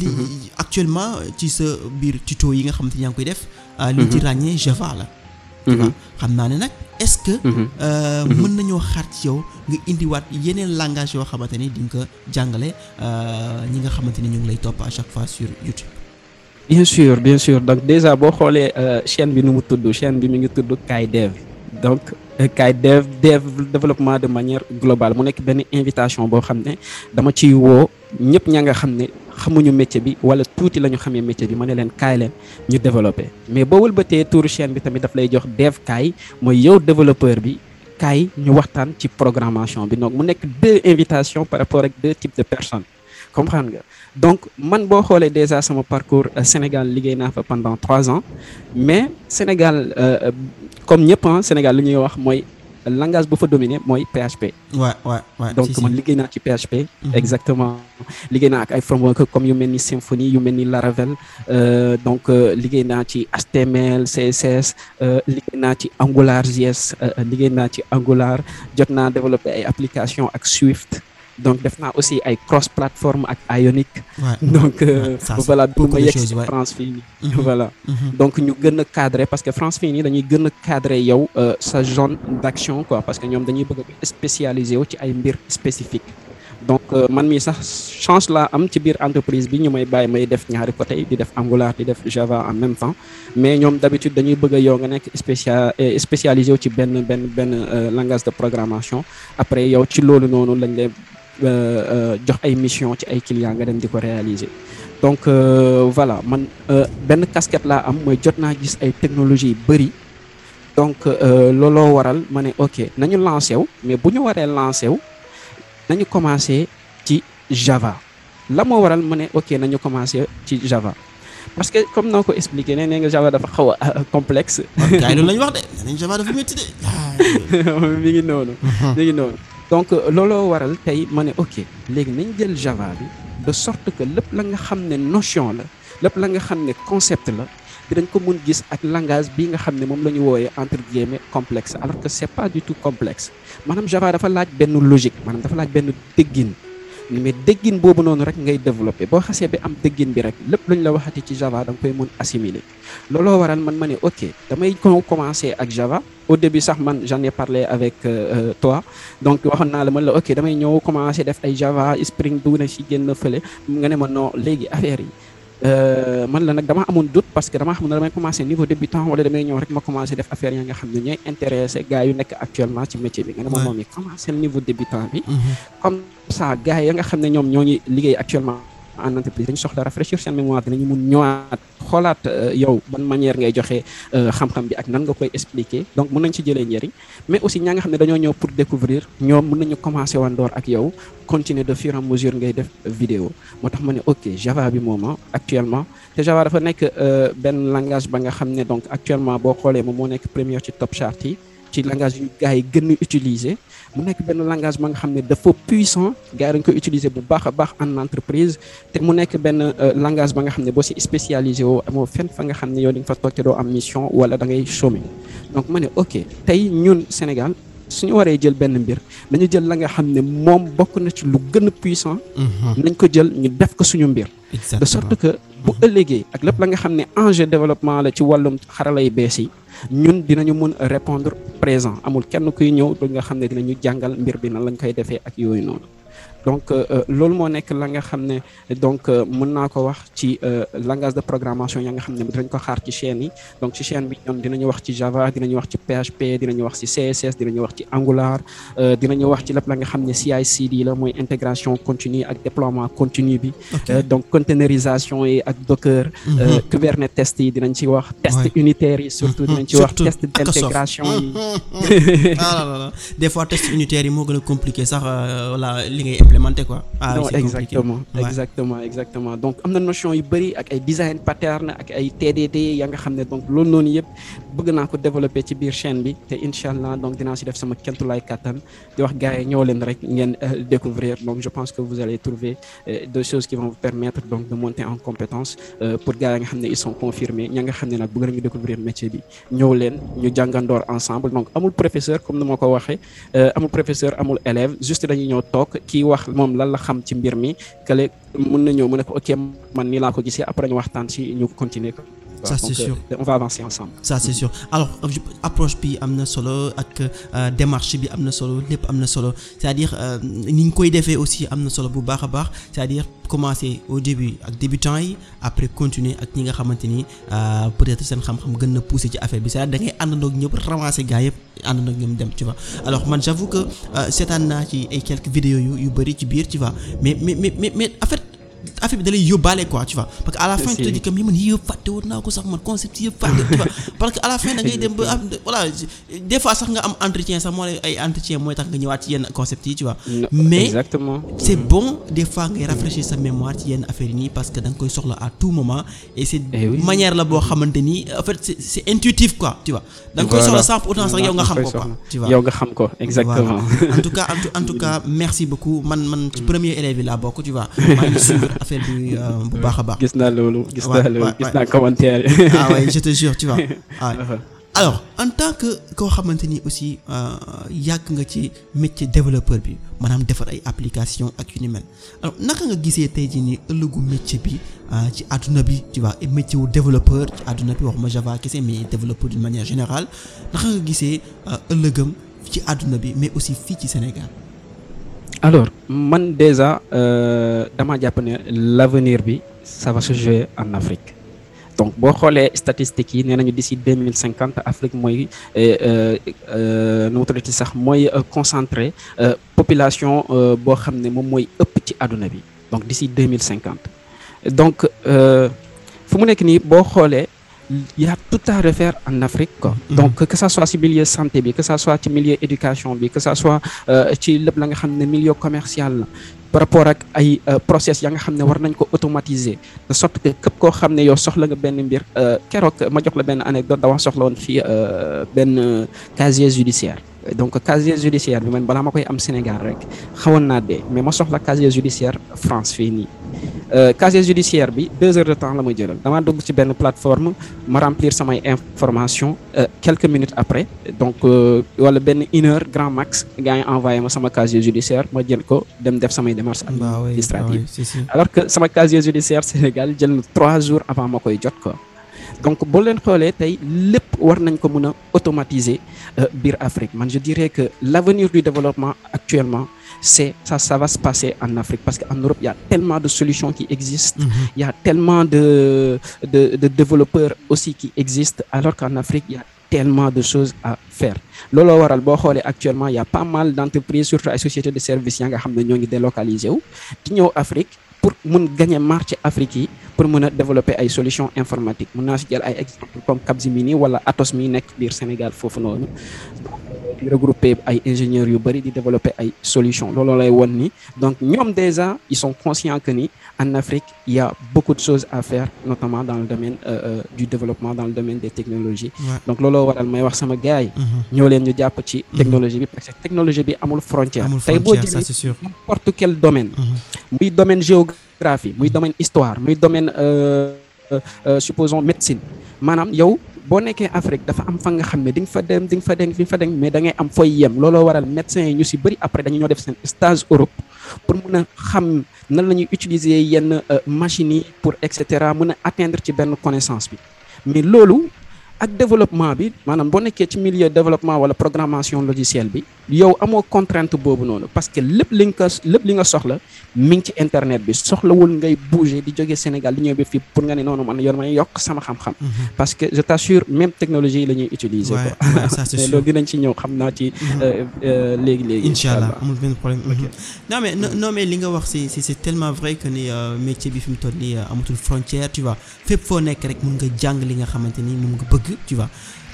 li mhm. actuellement euh, ci sa biir tuto yi nga xamante ni yaa ngi koy def ah, li ci mhm. ràññee Java la mhm. xam naa ne nag est-ce que euh, mën nañoo xaar ci yow nga indiwaat yeneen langage yoo xamante ni di ko jàngale euh, ñi nga xamante ni ñu ngi lay topp à chaque fois sur YouTube bien sûr bien sûr donc déjà boo xoolee chaine bi nu mu tudd chaine bi mi ngi tudd Kay Dev donc Kay Dev Dev développement de manière globale mu nekk benn invitation boo xam ne dama ci woo ñëpp ña nga xam ne xamuñu métier bi wala tuuti la ñu xamee métier bi ma ne leen kaay leen ñu développé mais boo wëlbatee tuuru chaîne bi tamit daf lay jox dev kaay mooy yow développeur bi kaay ñu waxtaan ci programmation bi donc mu nekk deux invitations par rapport ak deux types de personnes comprendre nga donc man boo xoolee déjà sama parcours euh, Sénégal liggéey naa fa pendant trois ans mais Sénégal euh, euh, comme ñëpp Sénégal li ñuy wax mooy langage bu fa dominé mooy PHP. waaw waaw donc man liggéey naa ci PHP. Mhm. exactement liggéey naa ak ay framework comme yu mel ni Symfony yu mel ni Laravel euh, donc euh, liggéey naa ci HTML CSS euh, liggéey naa ci AngularJS liggéey naa ci Angular jot naa développé ay application ak Swift. donc def naa aussi ay cross plateforme ak Ionic donc euh, voilà pour ma yegg si France fii nii mm-hmm. voilà mm-hmm. donc ñu gën a cadré parce que France nii dañuy gën a cadré yow euh, sa zone d'action quoi parce que ñoom dañuy bëgg a spécialisé ci ay mbir spécifique donc euh, man mii sax chance la am ci biir entreprise bi ñu may bàyyi may def ñaari côté di def Angular di def Java en même temps mais ñoom d'habitude dañuy bëgg a yow nga nekk spécial spécialisé wu ci benn benn benn langage de programmation après yow ci loolu noonu lañu lay Euh, jox ay mission ci ay clients nga dem di ko réaliser donc euh, voilà man euh, benn casquette la am mooy jot naa gis ay technologies yu bëri donc looloo waral ma ne ok nañu lancé wu mais bu ñu waree lancé wu nañu commencé ci Java la moo waral ma ne ok nañu commencé ci Java parce que comme na ko expliqué nee nga Java dafa xaw a complexe. gars yi loolu la ñu wax de nee nañ de. mi ngi noonu mi noonu. donc looloo waral tey ma ne ok léegi nañ jël Java bi de sorte que lépp la nga xam ne notion la lépp la nga xam ne concept la dinañ ko mun gis ak langage bii nga xam ne moom la ñu wooyee entre guillemets complexe alors que c'est pas du tout complexe maanaam Java dafa laaj benn logique maanaam dafa laaj benn tëggin mais déggin boobu noonu rek ngay développé boo xasee bi am déggin bi rek lépp luñ la waxati ci Java da nga koy mun assimiler looloo waral man ma ne ok damay ko commencé ak Java au début sax man j'en ai parlé avec euh, euh, toi donc waxoon naa la man la ok damay ñëw commencé def ay Java Spring du na si génn fële nga ne ma non léegi affaire yi Euh, man la nag dama amoon doute parce que dama xam ne damay commencé niveau débutant wala damay ñëw rek ma commencé def affaire ya nga xam ne ñooy intéressé gars yu nekk actuellement ci métier bi nga ne ma moom i commencé niveau débutant bi mhm. comme ça gars ya nga xam ne ñoom ñoo ngi liggéey actuellement en entreprise dañu soxla rafraîchir seen mémoire dinañu mun ñëwaat xoolaat euh, yow ban manière ngay joxe euh, xam-xam bi ak nan nga koy expliquer donc mun nañu ci jëlee njëriñ mais aussi ñaa nga xam ne dañoo ñëw pour découvrir ñoom mën nañu commencer wandoor ak yow continuer de fur et à mesure ngay def vidéo moo tax ma ne ok Java bi moom ah, actuellement te Java dafa nekk euh, benn langage ba nga xam ne donc actuellement boo xoolee moom moo nekk première ci top chart yi ci langage yu gars yi gën utiliser mu nekk benn langage ma nga xam ne dafa puissant gars yi dañ koy utiliser bu baax a baax en entreprise te mu nekk benn euh, langage ba nga xam ne boo si spécialisé woo amoo fenn fa nga xam ne yow di nga fa toog te doo am mission wala da ngay chômer donc ma ne ok tey ñun Sénégal suñu waree jël benn mbir nañu jël la nga xam ne moom bokk na ci lu gën a puissant mm-hmm. nañ ko jël ñu def ko suñu mbir de sorte que bu mm-hmm. ëllëgee ak lépp la nga xam ne enjeu développement la ci wàllum xarala yu bees yi ñun dinañu mën répondre présent amul kenn kuy ñëw du nga xam ne dinañu jàngal mbir bi nan lañu koy defee ak yooyu noonu donc euh, euh, loolu moo nekk la nga xam ne donc euh, mën naa ko wax ci langage de programmation ya nga xam ne dinañ ko xaar ci chaîne yi donc ci chaîne bi ñoom dinañu wax ci Java dinañu wax ci PHP dinañu wax ci CSS dinañu wax ci Angular dinañu wax ci lépp la nga xam ne CI/CD la mooy intégration continue ak déploiement continu bi donc containerisation yi ak Docker mhm. Kubernetes yi dinañ ci wax test unitaire yi surtout dinañ ci wax test d'intégration yi ah des fois test yi moo gën a sax voilà li implémenter quoi. ah non exactement exactement exactement donc am na notion yu bëri ak ay design pattern ak ay TDD ya nga xam ne donc loolu noonu yëpp bëgg naa ko développer ci biir chaine bi te incha allah donc dinaa si def sama kentulaay kàttan di wax gars yi ñëw leen rek ngeen euh, découvrir donc je pense que vous allez trouver euh, des choses qui vont vous permettre donc de monter en compétence euh, pour gars nga xam ne ils sont confirmés ña nga xam ne nag bëgg nañu découvrir métier bi ñëw leen ñu jàngandoor ensemble donc amul professeur comme ni ma ko waxee amul professeur amul élève juste dañuy ñëw toog kii wax moom lan la xam ci mbir mi kale mën na ñëw mu ne ko man nii laa ko gisee après ñu waxtaan si ñu continuer ko Euh, ça c'est sûr on va approche bi am na solo ak euh, démarche bi am na solo lépp am na solo sa à euh, ni ñu koy defee aussi am na solo bu baax a baax c'est-à-dire commencer au début ak débutants yi après continuer ak ñi nga xamante ni peut-être seen xam-xam gën na pousser ci affaire bi sa à dire da ngay àndandoo ak ñëpp ramasser gars yëpp àndandoo ak ñoom dem tu vois alors man j'avoue que seetaan naa ci ay quelques vidéos yu yu bari ci biir ci vois mais mais mais mais en affaire bi da lay yóbbaale quoi tu vois parce que à la fin tu te dis man yii yëpp fàtte woon naa ko sax man concept yëpp fàtte tu vois parce que à la fin da ngay dem ba sax nga ay ci yenn concept yi nii parce que da nga koy soxla a tout moment et c'est eh boo xamante ni koy soxla sans pourtant sax yow nga xam ko quoi tu vois yow nga xam ko exactement en tout cas en tout cas merci beaucoup man man mm. premier élève yi laa bokk tu vois maa affaire bi euh, bu baax a baax. gis naa loolu gis naa loolu gis naa commentaire ah je te jure tu vois ah. Uh-huh. alors en tant que koo xamante ni aussi euh, yàgg nga ci métier développeur bi maanaam defar ay application ak yu ni mel alors naka nga gisee tey jii nii ëllëgu métier bi euh, ci àdduna bi ci waa métier wu développeur ci àdduna bi waxuma Java kese mais développeur d'une manière général naka nga gisee ëllëgam ci àdduna bi mais aussi fii ci Sénégal. alors man déjà euh, dama jàpp ne l'avenir bi ça va se en Afrique donc boo xoolee statistiques yi nee nañu d'ici deux mille cinquante Afrique mooy euh, euh, nu mu tuddati sax mooy concentré population boo xam ne moom mooy ëpp ci àdduna bi donc d'ici deux mille cinquante donc fu mu nekk nii boo xoolee. il y tout à refaire en Afrique quoi mhm. donc que ça soit ci milieu santé bi que ça soit ci milieu éducation bi que ça soit euh, ci lépp la nga xam ne milieu commercial la par rapport ak ay euh, process ya nga xam ne war nañ ko automatiser de sorte que képp koo xam ne yow soxla nga benn mbir euh, keroog ma jox la benn anecdote dama soxla woon fii benn casier judiciaire donc casier judiciaire bi man balaa ma koy am Sénégal rek xawoon naa dee mais ma soxla casier judiciaire France fii nii euh, casier judiciaire bi deux heures de temps la ma jëlal damaa dugg ci benn plateforme ma remplir samay information euh, quelques minutes après donc euh, wala benn une heure grand max gars envoyé ma sama casier judiciaire ma jël ko dem def samay démarches administratives alors que sama casier judiciaire Sénégal jël na trois jours avant ma koy jot quoi donc boo leen xoolee tey lépp war nañ ko mën a automatiser euh, biir Afrique man je dirais que l'avenir du développement actuellement c'est ça ça va se passer en Afrique parce que en Europe y a tellement de solutions qui existent. Mm y a tellement de de de développeurs aussi qui existent alors qu'en Afrique y a tellement de choses à faire looloo waral boo xoolee actuellement il y a pas mal d'entreprises surtout ay sociétés de services yaa nga xam ne ñoo ngi délocalisé wu di ñëw Afrique. pour mun gagner marché Afrique yi pour mën a développer ay solutions informatiques mun naa si jël ay exemple comme Capgemini wala Atos mi nekk biir Sénégal foofu noonu di regrouper ay ingénieurs yu bëri di développer ay solutions looloo lay won ni donc ñoom déjà ils sont conscients que ni en Afrique il a beaucoup de choses à faire notamment dans le domaine euh, euh, du développement dans le domaine des technologies ouais. donc looloo waral may wax sama gars mhm. ñoo leen ñu jàpp ci mhm. technologie bi parce que technologie bi amul frontière tey boo jëlee n'importe quel domaine mhm. muy domaine géographie muy domaine histoire muy domaine euh, euh, supposons boo nekkee Afrique dafa am fa nga xam ne di nga fa dem di nga fa deng di fa dem mais dangay am fooy yem looloo waral médecins yi ñu si bëri après dañu ñoo def seen stage Europe pour mun a xam nan la ñuy utiliser yenn euh, machines yi pour et cetera mun a attendre ci benn connaissance bi mais loolu ak développement bi maanaam boo nekkee ci milieu développement wala programmation logicielle bi yow amoo contrainte boobu noonu parce que lépp li nga lépp li nga soxla mi ngi ci internet bi soxlawul ngay bouger di jógee Sénégal di ñëw ba fii pour nga ne noonu man yoon ma yokk sama xam-xam. Mhm. parce que je t'assure même technologie yi la ñuy utiliser. waaw ça c'est sûr ñëw xam naa ci. Mhm. Euh, euh, léegi léegi. incha allah amul benn problème. Mhm. non mais non li nga wax c'est c'est telement vrai que ni euh, métier bi fi mu toll nii amatul frontière tu vois fépp foo nekk rek mun nga jàng li nga xamante ni moom nga bëgg tu vois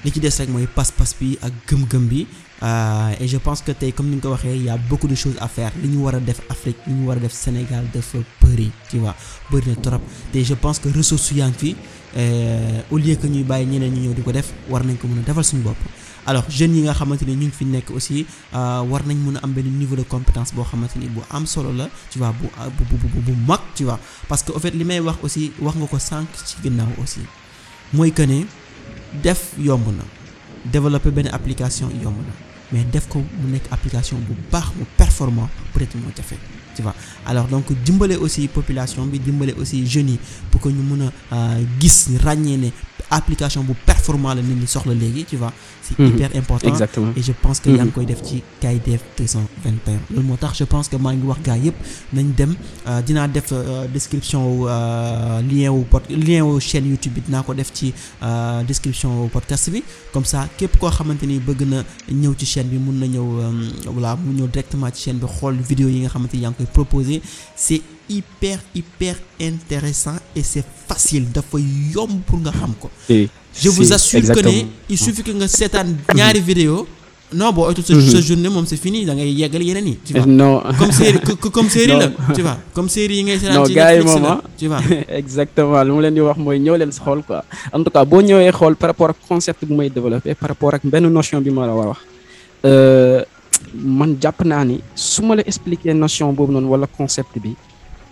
li ci des rek mooy pas-pas bi ak gëm-gëm bi. Euh, et je pense que tey comme ni nga ko waxee y' a beaucoup de choses à faire li ñu war a def Afrique li ñu war def Sénégal dafa bëri tu vois bëri na trop te je pense que ressources yaa ngi fi euh, au lieu que ñuy bàyyi ñeneen ñi ñëw di ko def war nañ ko mën defal suñu bopp. alors jeune yi nga xamante ni ñu ngi fi nekk aussi euh, war nañ mën am benn niveau de compétence boo xamante ni bu am solo la tu vois bu bu bu bu mag tu vois parce que au li may wax aussi wax nga ko sànq ci ginnaaw aussi mooy que ne def yomb na développer benn application yomb mais def ko mu nekk application bu baax mu performant peut-être moo jafe tu vois alors donc dimbale aussi population bi dimbale aussi jeunes yi pour que ñu mun a euh, gis ràññee ne application bu performant la nit ñi soxla léegi tu vois c'est mhm. hyper exactement et je pense que yaa ngi koy def ci KIDF 221 loolu moo tax je pense que maa ngi wax gars yëpp nañ dem euh, dinaa def euh, description wu euh, lien wu pod lien wu chaîne YouTube bi dinaa ko def ci description wu podcast bi comme ça képp koo xamante ni bëgg na ñëw ci chaîne bi mun na ñëw voilà mu ñëw directement ci chaîne bi xool vidéo yi nga xamante ni yaa ngi koy proposé c'est hyper hyper intéressant et c'est facile dafa yomb pour nga xam ko. je vous assure que ne il suffit que nga seetaan ñaari vidéo non boo oytu sa journée moom c'est fini da ngay yeggal yeneen yi. tu vois non comme comme série la comme série yi ngay seetaan ci Netflix la ah. tu vois exactement lu mu leen di wax mooy ñëw leen si xool quoi en tout cas boo ñëwee xool par rapport ak concept bu may développé par rapport ak benn notion bi ma la war a wax euh, man jàpp naa ni su ma la expliquer notion boobu noonu wala concept bi.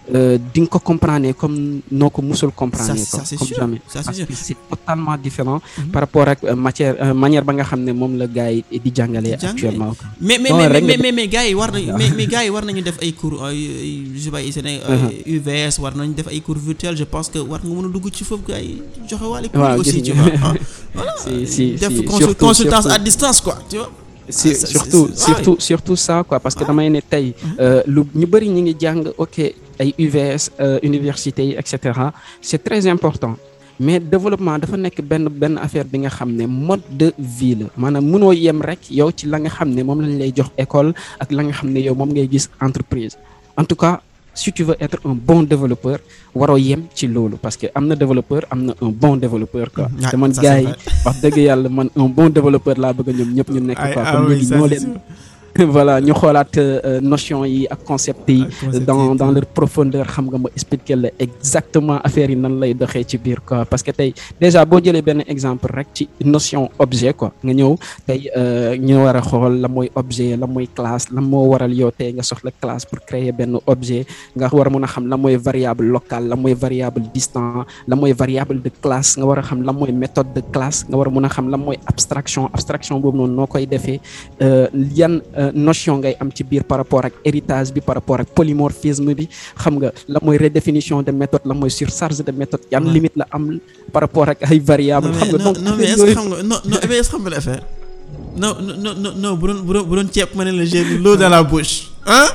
Euh, di nga ko comprendre comme noo ko musul comprendre ça comme c'est totalement différent mhm. par rapport ak euh, matière euh, manière ba nga xam ne moom la gars yi di jàngalee actuellement mais mais mais mais gars yi war nañu mais mais gars yi war nañu def ay cours UVS uh-huh. war nañu def ay cours virtuels je pense que war nga mën a dugg ci foofu gars joxe waale cours ah, def consultance à distance quoi ah, surtout surtout surtout ça parce que ah. damay ne tey ñu bëri ñu ngi jàng ok ay UVS euh, université yi et cetera c'est très important mais développement dafa nekk benn benn affaire bi nga xam ne mot de vie maanaam mënoo yem rek yow ci la nga xam ne moom lañ lay jox école ak la nga xam ne yow moom ngay gis entreprise en tout cas si tu veux être un bon développeur waroo yem ci loolu parce que am na développeur am na un bon développeur quoi ah, te man gars wax dëgg yàlla man un bon développeur laa bëgg ñoom ñëpp ñu nekk ah, quoi ah comme léegi ñoo leen voilà ñu xoolaat euh, euh, notion yi ak concept yi dans dans leur profondeur xam nga ma expliquer la exactement affaire yi nan lay doxee ci biir quoi parce que tey déjà boo jëlee benn exemple rek ci notion objet quoi nga ñëw tey euh, ñu war a xool la mooy objet la mooy classe la moo waral yow tey nga soxla classe pour créer benn objet nga war a mën a xam la mooy variable local la mooy variable distant la moy variable de classe nga war a xam la mooy méthode de classe nga war a mën a xam la mooy abstraction abstraction boobu noonu noo koy defee Euh, notion ngay am ci biir par rapport ak héritage bi par rapport ak polymorphisme bi xam nga la mooy redéfinition de méthode la mooy surcharge de méthode yan limite la am par rapport ak ay variable xam nga donc bu doon ceeb ma ne la j'ai l'eau dans la bouche hein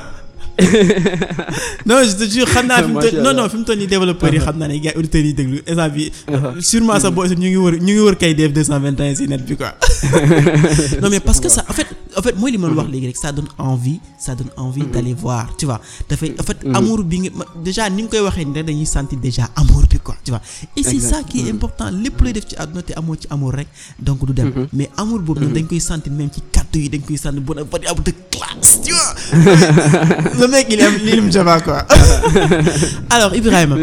non je te xam naa fi mu toll nii développeurs yi xam naa ne gars auditeurs yi déglu instant bi sûrement sax boo ñu ngi wër ñu ngi wër kay def 221 si net bi quoi non mais parce que ça en fait en fait mooy wax léegi rek ça donne vois dafay en fait amour bi nga déjà ni ngi koy waxee nii rek dañuy sentir déjà amour bi quoi tu vois et c'est ça qui est important lépp lay def ci àdduna te amoo ci amour rek donc du dem mais amour boobu nag dañ koy sentir même ci kaddu yi dañ koy sentir bu na variable de classe tu le mec il Ibrahima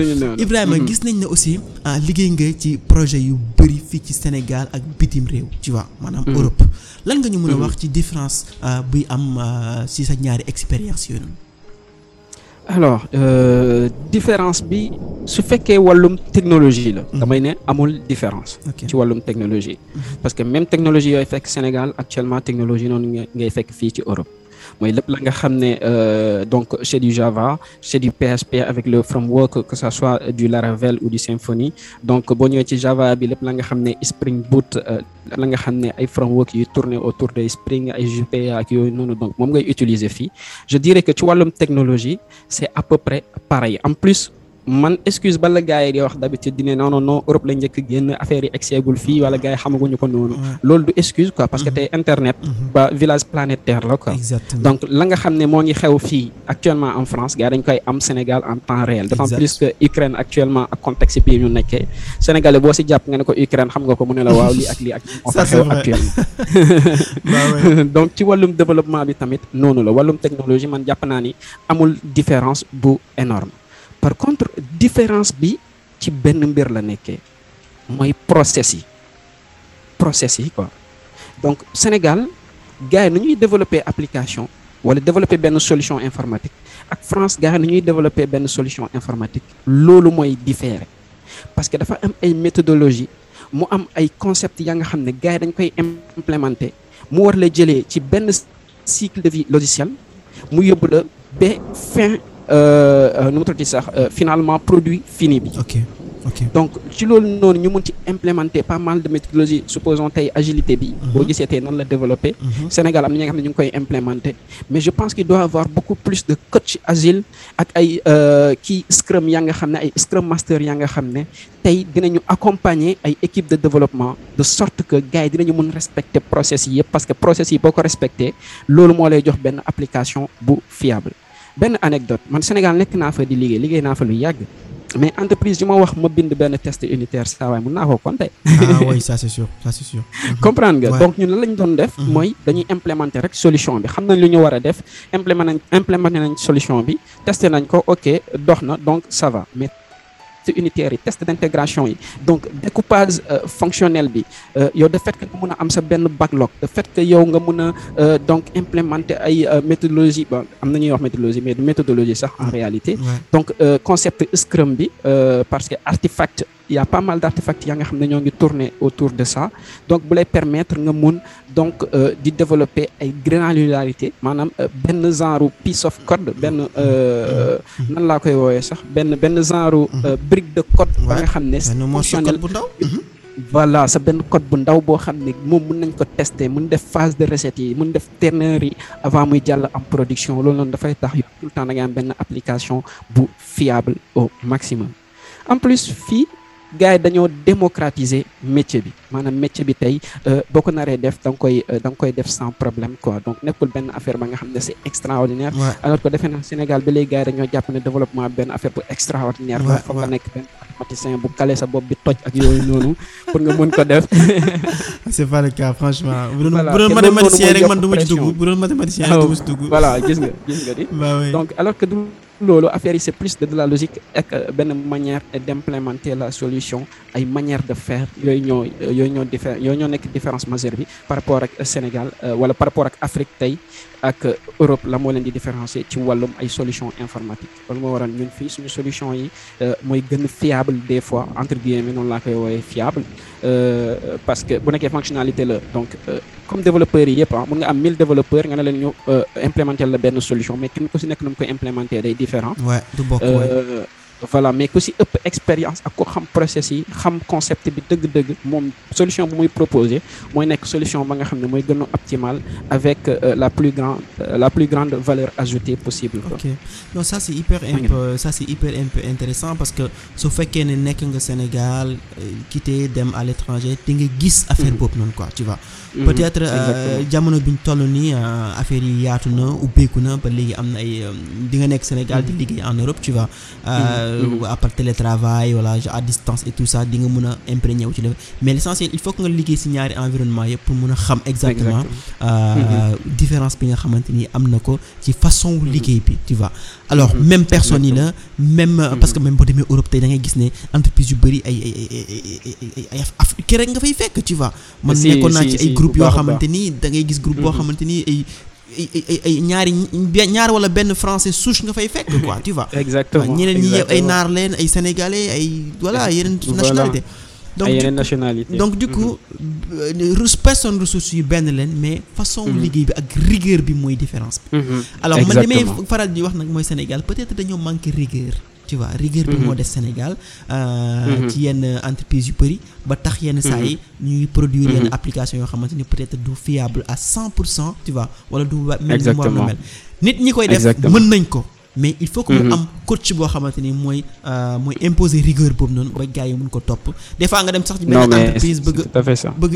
Ibrahima mhm. gis nañ ne aussi ah liggéey nga ci projet yu bëri fii ci Sénégal ak bitim réew tu maanaam mhm. Europe lan nga ñu mën mhm. wax ci différence ah, buy am si ah, sa ñaari expérience yooyu alors euh, différence bi su fekkee wàllum technologie la. damay ne amul différence. ci wàllum technologie. parce que même technologie yooyu fekk Sénégal actuellement technologie noonu ngay fekk fii ci Europe. mooy lépp la nga xam ne euh, donc c'est du Java c'est du PHP avec le framework que ça soit du Laravel ou du Symfony donc boo ñëwee ci Java bi lépp la nga xam ne Spring Boot euh, la nga xam ne ay framework yu tourné autour de Spring ay JPA ak yooyu noonu donc moom ngay utiliser fii je dirais que ci wàllum technologie c'est à peu près pareil en plus man excuse ba la gars yi di wax d'habitude dine non non non Europe la njëkk génn affaire yi egseegul fii wala gars yi xamaguñu ko noonu loolu du excuse quoi parce que mm-hmm. tey internet mm-hmm. ba village planétaire la quoi la nga xam ne moo ngi xew fii actuellement en France gars dañ koy am Sénégal en temps réel d'autant plus que Ukraine actuellement ak contexte bii ñu nekkee Sénégalais boo si jàpp nga ne ko Ukraine xam nga ko mu ne la waaw lii ak lii ak moo xew actuellement donc ci wàllum développement bi tamit noonu la wàllum technologie man jàpp naa ni amul bu énorme par contre différence bi ci benn mbir la nekkee mooy process yi process yi ko donc Sénégal gars yi nu ñuy développer application wala développer benn solution informatique ak France gars yi nu ñuy développer benn solution informatique loolu mooy différer parce que dafa am ay méthodologie mu am ay concept yaa nga xam ne gars yi dañ koy implémenter mu war la jëlee ci benn cycle de vie logiciel mu yóbbu la ba fin Euh, euh, nu mu di sax euh, finalement produit fini bi. ok ok donc ci loolu noonu ñu mun ci implémenter pas mal de méthodologie supposons tey agilité bi. Mhm. boo gisee tey nan la développé. Mhm. Sénégal am na ñu ngi koy implémenter mais je pense qu'il doit avoir beaucoup plus de coach agile ak ay kii scram yaa nga xam ne ay scrum master yaa nga xam ne tey dinañu accompagner ay équipe de développement de sorte que gars yi dinañu mun respecter process yi yëpp parce que process yi boo ko respecté loolu moo lay jox benn application bu fiable. benn anecdote man Sénégal nekk naa fa di liggéey liggéey naa fa lu yàgg mais entreprise yu ma wax ma bind benn test unitaire saa waay mun naa ko compter. ah oui ça c'est sûr ça nga donc ñun la lañ doon def. Mhm. mooy dañuy implémenter rek solution bi xam nañ lu ñu war a def implémenter nañ implémenter nañ solution bi testé nañ ko ok dox na donc ça va unitaires yi test d'intégration yi donc découpage euh, fonctionnel bi euh, yow de fait que nga mun am sa benn backlog de fait que yow nga mun a euh, donc implémenter ay méthodologie bon am na ñuy wax méthodologie mais du méthodologie sax en réalité donc concept Scrum bi parce que artefact il y a pas mal d'artefacts yaa nga xam ne ñoo ngi tourner autour de ça donc bu lay permettre nga mun donc euh, di développer ay granularité maanaam euh, benn genre piece of code benn euh, nan laa koy woowee sax benn benn genre mhm. brique de code ba nga xam ne fonctionnel mhm. mhm. voilà sa benn code bu ndaw boo xam ne moom mun nañ ko tester mën def phase de recette yi mun def teneur yi avant muy jàll am production loolu noonu dafay tax yow tout le temps da ngay am benn application bu fiable au maximum en plus fii gars yi dañoo démocratiser métier bi maanaam métier bi tey euh, boo ko naree def da euh, koy def sans problème quoi donc nekkul benn affaire ba nga xam ne c'est extraordinaire alors que defee na Sénégal ba léegi gars yi dañoo jàpp ne développement benn affaire bu extraordinaire la foog nga nekk benn mathématicien bu kale sa bopp bi toj ak yooyu noonu pour nga mën ko def c'est pas le cas franchement bu doon mathématicien rek man du bu doon mathématicien rek du ma loolu affaire yi c'est plus de la logique euh, benn manière d'implémenter la solution ay manière de faire yooyu ñoo yooyu ñoo diffé yooyu ñoo nekk différence majeure bi par rapport ak Sénégal euh, wala par rapport ak Afrique tey ak Europe la moo leen di différencier ci wàllum ay solution informatique loolu moo waral ñun fii suñu solution yi euh, mooy gën fiable des fois entre guillemets noonu laa koy woowee fiable euh, parce que bu nekkee fonctionnalité la donc comme développeurs yi yëpp ah mun nga am 1000 développeurs nga ne leen ñu implémenter la benn solution mais kenn ku si nekk nu koy implémenter day différent. voilà mais ku si ëpp expérience ak ko xam process yi xam concept bi dëgg-dëgg moom solution bu muy proposé mooy nekk solution ba nga xam ne mooy gën a optimale avec euh, la plus grande euh, la plus valeur ajoutée possible. ok non ça c'est imp ça parce que su fekkee ne nekk nga Sénégal euh, quitté dem à l'étranger te nga gis affaire mm. boobu noonu ko tu vois. Mm-hmm. peut-être jamono bi ñu toll nii affaire yi yaatu na ubbeeku na ba léegi am na ay di nga nekk Sénégal di mm-hmm. liggéey en Europe tu vois. Mm-hmm. Mmh. à part télétravail voilà a distance et tout ça di nga mën a imprégné wu ci def mais l'essentiel il faut que nga liggéey si ñaari environnement yëpp pour a xam exactement euh, mmh. différence bi nga xamante ni am na ko ci façon mmh. liggéey bi tu alors même personne yi la même parce que boo demee Europe tey da gis ne entreprise yu bëri ay ay ay ay africain rek nga fay fekk tu vois man nekkoon naa ci ay groupe yoo xamante ni da gis groupe boo xamante ay ñaari ñaar wala benn français souche nga fay fekk quoi tu vois. exactement ñeneen ñi ay naar leen ay sénégalais ay. voilà yeneen nationalité donc yeneen nationalité donc du coup mhm. euh, personne ressource yu benn leen mais façon mhm. liggéey bi ak rigueur bi mooy différence bi. Mhm. alors man li may faral di wax nag mooy Sénégal peut-être dañoo manqué rigueur. tu vois rigueur bi mhm. moo des Sénégal euh, mhm. ci yenn entreprise yu bëri ba tax yenn saa yi mhm. ñuy produire yenn application yoo xamante ni peut-être du fiable à cent pour cent tu vois wala du mel ni mu na mel nit ñi koy def mën nañ ko mais il faut que mu mhm. am coach boo xamante ni mooy euh, mooy imposer rigueur boobu noonu ba gars yi mun ko topp des fois nga dem sax ci benn entreprise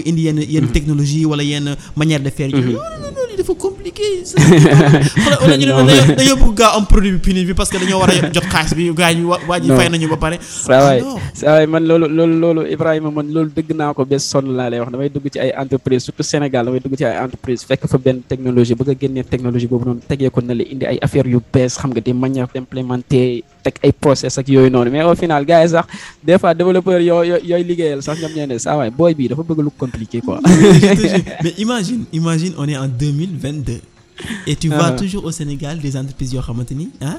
indi yenn yenn mhm. technologie wala yenn manière de faire mhm. ñu ne dañoo bëgg gaaw am produit bi fini a jot xaalis bi gars yi waa ji fay nañu ba pare saawaay ah, benn technologie bëgg a génnee technologie boobu noonu tegee ko na indi ay affaire yu bees xam nga des manières d'implémenter teg ay process ak yooyu noonu mais au final gars yi sax des fois développeur yoo yooy liggéeyal sax ñoom ñoo ne saa booy bii dafa bëgg lu compliqué quoi mais imagine imagine on est en et tu vois ah. toujours au Sénégal des entreprises yoo xamante ni ah.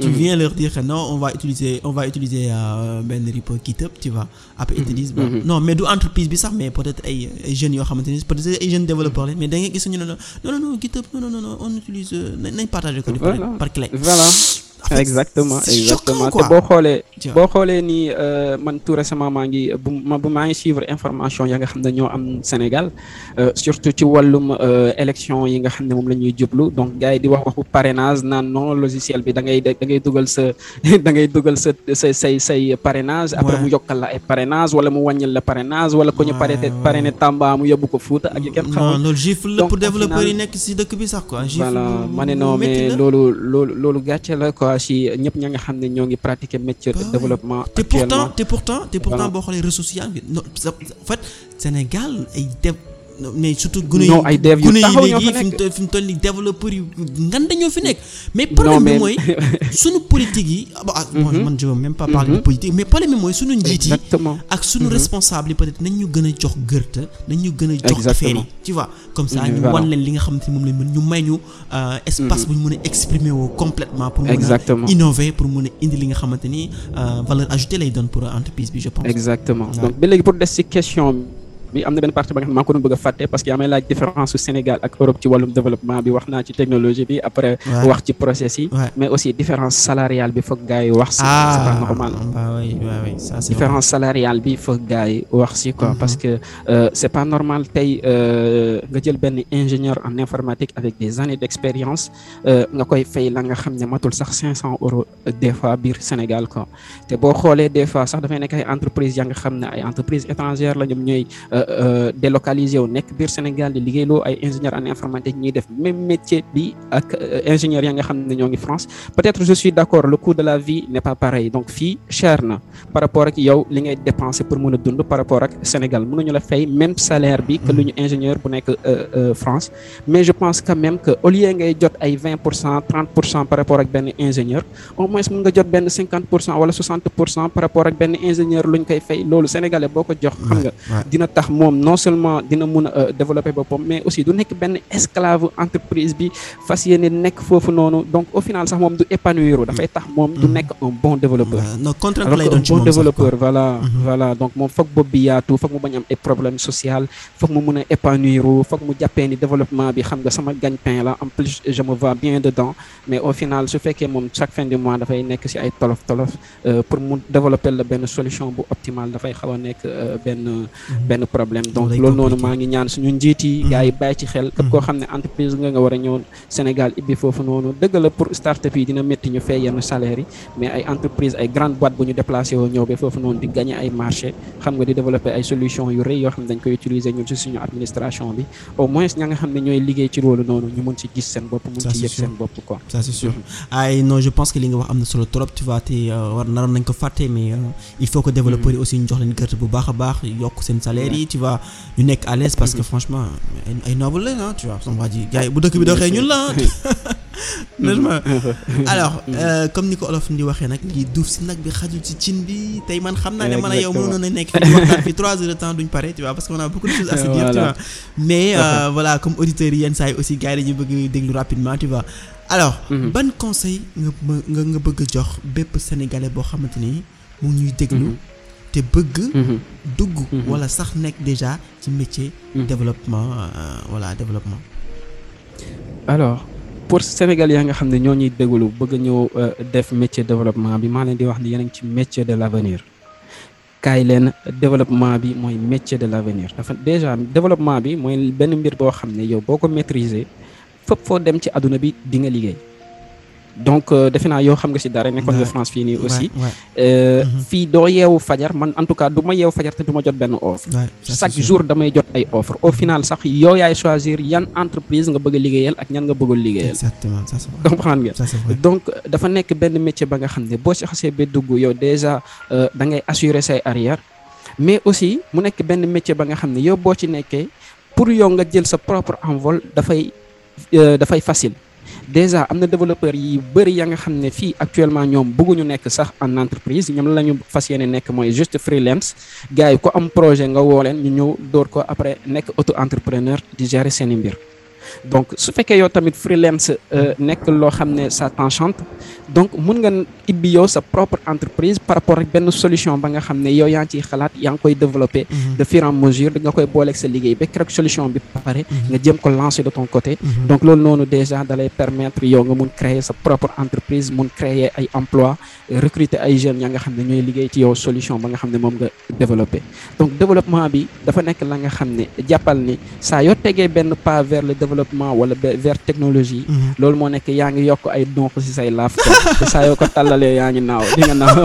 tu mm. viens leur dire que non on va utiliser on va utiliser euh, benn repo GitHub tu vois. après ils mm-hmm. bon mm-hmm. non mais du entreprise bi sax mais peut-être ay ay jeunes yoo xamante ni peut-être ay jeunes développeurs lañ mais da gis ñu non non non GitHub non non non on utilise euh, nañ partager code. voilà par clé. voilà. exactement exactement te boo xoolee boo xoolee nii euh, man tout récemment maa ngi bu ma bu maa ngi suivre information ya nga xam ne ñoo am Sénégal euh, surtout ci wàllum euh, élection yi nga xam ne moom la ñuy jublu donc gars yi di wax waxu parrainage naan non logiciel bi da ngay da ngay dugal sa da ngay dugal sa say say say parrainage après mu yokkal la ay parrainage wala mu wàññil la parrainage wala ko ñu parrainé parrainé Tamba mu yóbbu ko Fuuta ak yu kenn xamul loolu la pour développeurs yi nekk si dëkk bi sax quoi voilà ma ne non mais loolu fois si ñëpp ña nga xam ne ñoo ngi pratiquer métier de développement. te te pourtant te pourtant boo xoolee ressources yaa ngi en fait Sénégal ay mais surtout gune yi ay dev yu taxaw ñoo fa nekk gune yi léegi fi toll nii développeur yu ngan dañoo fi nekk. mais problème bi mooy sunu yi. ah man ah, mhm. man je veux même pas parler mhm. de politique mais problème bi njiit yi. ak sunu mhm. responsable yi peut-être nañ ñu gën jox gërte nañ ñu a jox affaire yi tu vois comme ça ñu wan li nga xam te moom lañ mën ñu may ñu euh, espace bu ñu mën a exprimer woo complètement pour mën a innover pour mën a indi li nga xamante ni euh, valeur ajoutée lay doon pour entreprise bi je pense. exactement donc ba léegi pour des ci question bi am na benn partie ba nga xam ne maa a fàtte parce que yaa may laaj différence su wax naa ci technologie mais aussi différence salariale bi foog gars yi wax si ah, c'est pas ah, salariale bi foog gars yi wax si quoi mm-hmm. parce que euh, c'est pas normal tey euh, nga jël benn ingénieur en informatique avec des années d'expérience euh, nga koy fay la nga xam ne matul sax cinq cent euros des fois biir Sénégal quoi te boo xoolee des fois sax dafay nekk ay entreprise yaa nga xam ne ay entreprise étrangère la ñoom ñooy Euh, euh, délocaliser wu nekk biir Sénégal di liggéeyloo ay ingénieur en informatique ñuy def même bi ak euh, ingénieur ya nga xam ne ñoo ngi France peut-être je suis d'accord le coût de la vie n'est pas pareil donc fii cher na par rapport ak yow li ngay dépenser pour mën a dund par rapport ak Sénégal mënuñu la fay même salaire bi que lu ñu ingénieur bu nekk France mais je pense quand même que au lieu ngay jot ay vingt pour cent trente pour cent par rapport ak benn ingénieur au moins mën nga jot benn cinquante ndax moom non seulement dina mun a euh, développer boppam mais aussi du nekk benn esclave entreprise bi fas yéene nekk foofu noonu donc au final sax moom du épanouir dafay tax moom du mm-hmm. nekk un bon développeur alors que un bon développeur voilà mm-hmm. voilà donc moom foog bopp bi yaatu foog mu bañ am problème social foog mu mun a épanouir foog mu jàppee ni développement bi xam nga sama gagne-pain la en plus je me vois bien dedans mais au final su fekkee moom chaque fin du mois dafay nekk si ay tolof tolof euh, pour mu développer la benn solution bu dafay xaw a nekk euh, benn mm-hmm. problème donc loolu noonu maa ngi ñaan suñu njiit yi gars mm-hmm. bàyyi ci xel képp koo mm-hmm. xam ne entreprise nga nga war a ñëw Sénégal ibbi foofu noonu dëgg la pour start-up yi dina métti ñu fay yenn salaire yi mais ay entreprise ay grande boîte bu ñu déplacé woo ñëw ba foofu noonu di gagner ay marché xam nga di développer ay solution yu rëy yoo xam ne dañ koy utiliser ñu mën ci gis seen bopp mën ci yëg seen bopp quoi mm-hmm. ay non je pense que li nga wax am na solo tu vas ñu nekk à l'aise parce que mhm. franchement ay noble lañ ah tu vois sama ji gars bu dëkk bi mhm. doxee ñun la ah. comme ni ko olof di waxee nag di duuf si nag bi xajul ci cin bi tey man xam naa ne a yow mënoon a nekk fi waxtaan fi trois heures de temps duñ pare tu vois parce que on a beaucoup mais euh, voilà comme auditeurs yi yenn saa yi aussi gars yi dañuy bëgg déglu rapidement tu vois alors ban conseil nga nga nga bëgg a jox bépp sénégalais boo xamante ni mu ñuy déglu te bëgg mhm. dugg mhm. wala sax nekk déjà ci métier mhm. développement euh, voilà développement alors pour Sénégal yaa nga xam ne ñoo ñuy déglu bëgg ñëw euh, def métier développement bi maa leen di wax ni yéen ci métier de l'avenir kaay leen développement bi mooy métier de l'avenir dafa déjà développement bi mooy benn mbir boo xam ne yow boo ko maîtriser fépp foo dem ci àdduna bi di nga liggéey donc euh, defe naa yoo xam nga si dara nekkoon de France fii nii aussi euh, mm-hmm. fii doo yeewu fajar man en tout cas du ma yeewu fajar te du ma jot benn offre chaque jour damay jot ay offre au final sax yow yaay choisir yan entreprise nga bëgg liggéeyal ak ñan nga bëggul liggéeyal exactement comprendre nga donc dafa nekk benn métier ba nga xam ne boo si xasee ba dugg yow déjà euh, da ngay assurer say arrière mais aussi mu nekk benn métier ba nga xam ne yow boo ci nekkee pour yow nga jël sa propre envol dafay dafay facile déjà am na développeur yi bëri ya nga xam ne fii actuellement ñoom bëgguñu nekk sax en entreprise ñoom lañu fas yéene nekk mooy juste freelance gars yi ko am projet nga woo leen ñu ñëw door ko après nekk auto entrepreneur di gérer seeni mbir donc su fekkee yow tamit freelance euh, nekk loo xam ne ça t'enchante donc mun nga ibbi yow sa propre entreprise par rapport ak benn solution ba nga xam ne yow yaa ngi ciy xalaat yaa ngi koy développé. Mhm. de fur et à mesure nga koy booleeg sa liggéey ba keroog solution bi ba pare. Mhm. nga jëm ko lancer de ton côté. Mhm. donc loolu noonu déjà da lay permettre yow nga mun créer sa propre entreprise mun créer ay emploi recruter ay jeunes ya nga xam ne ñooy liggéey ci yow solution ba nga xam ne moom nga développé. donc développement bi dafa nekk la nga xam ne jàppal ni saa yoo tegee benn pas développement wala vers technologie. loolu moo nekk yaa ngi yokk ay donc ci say laaf. saa yoo ko tàllalee yaa ngi naaw di nga naaw.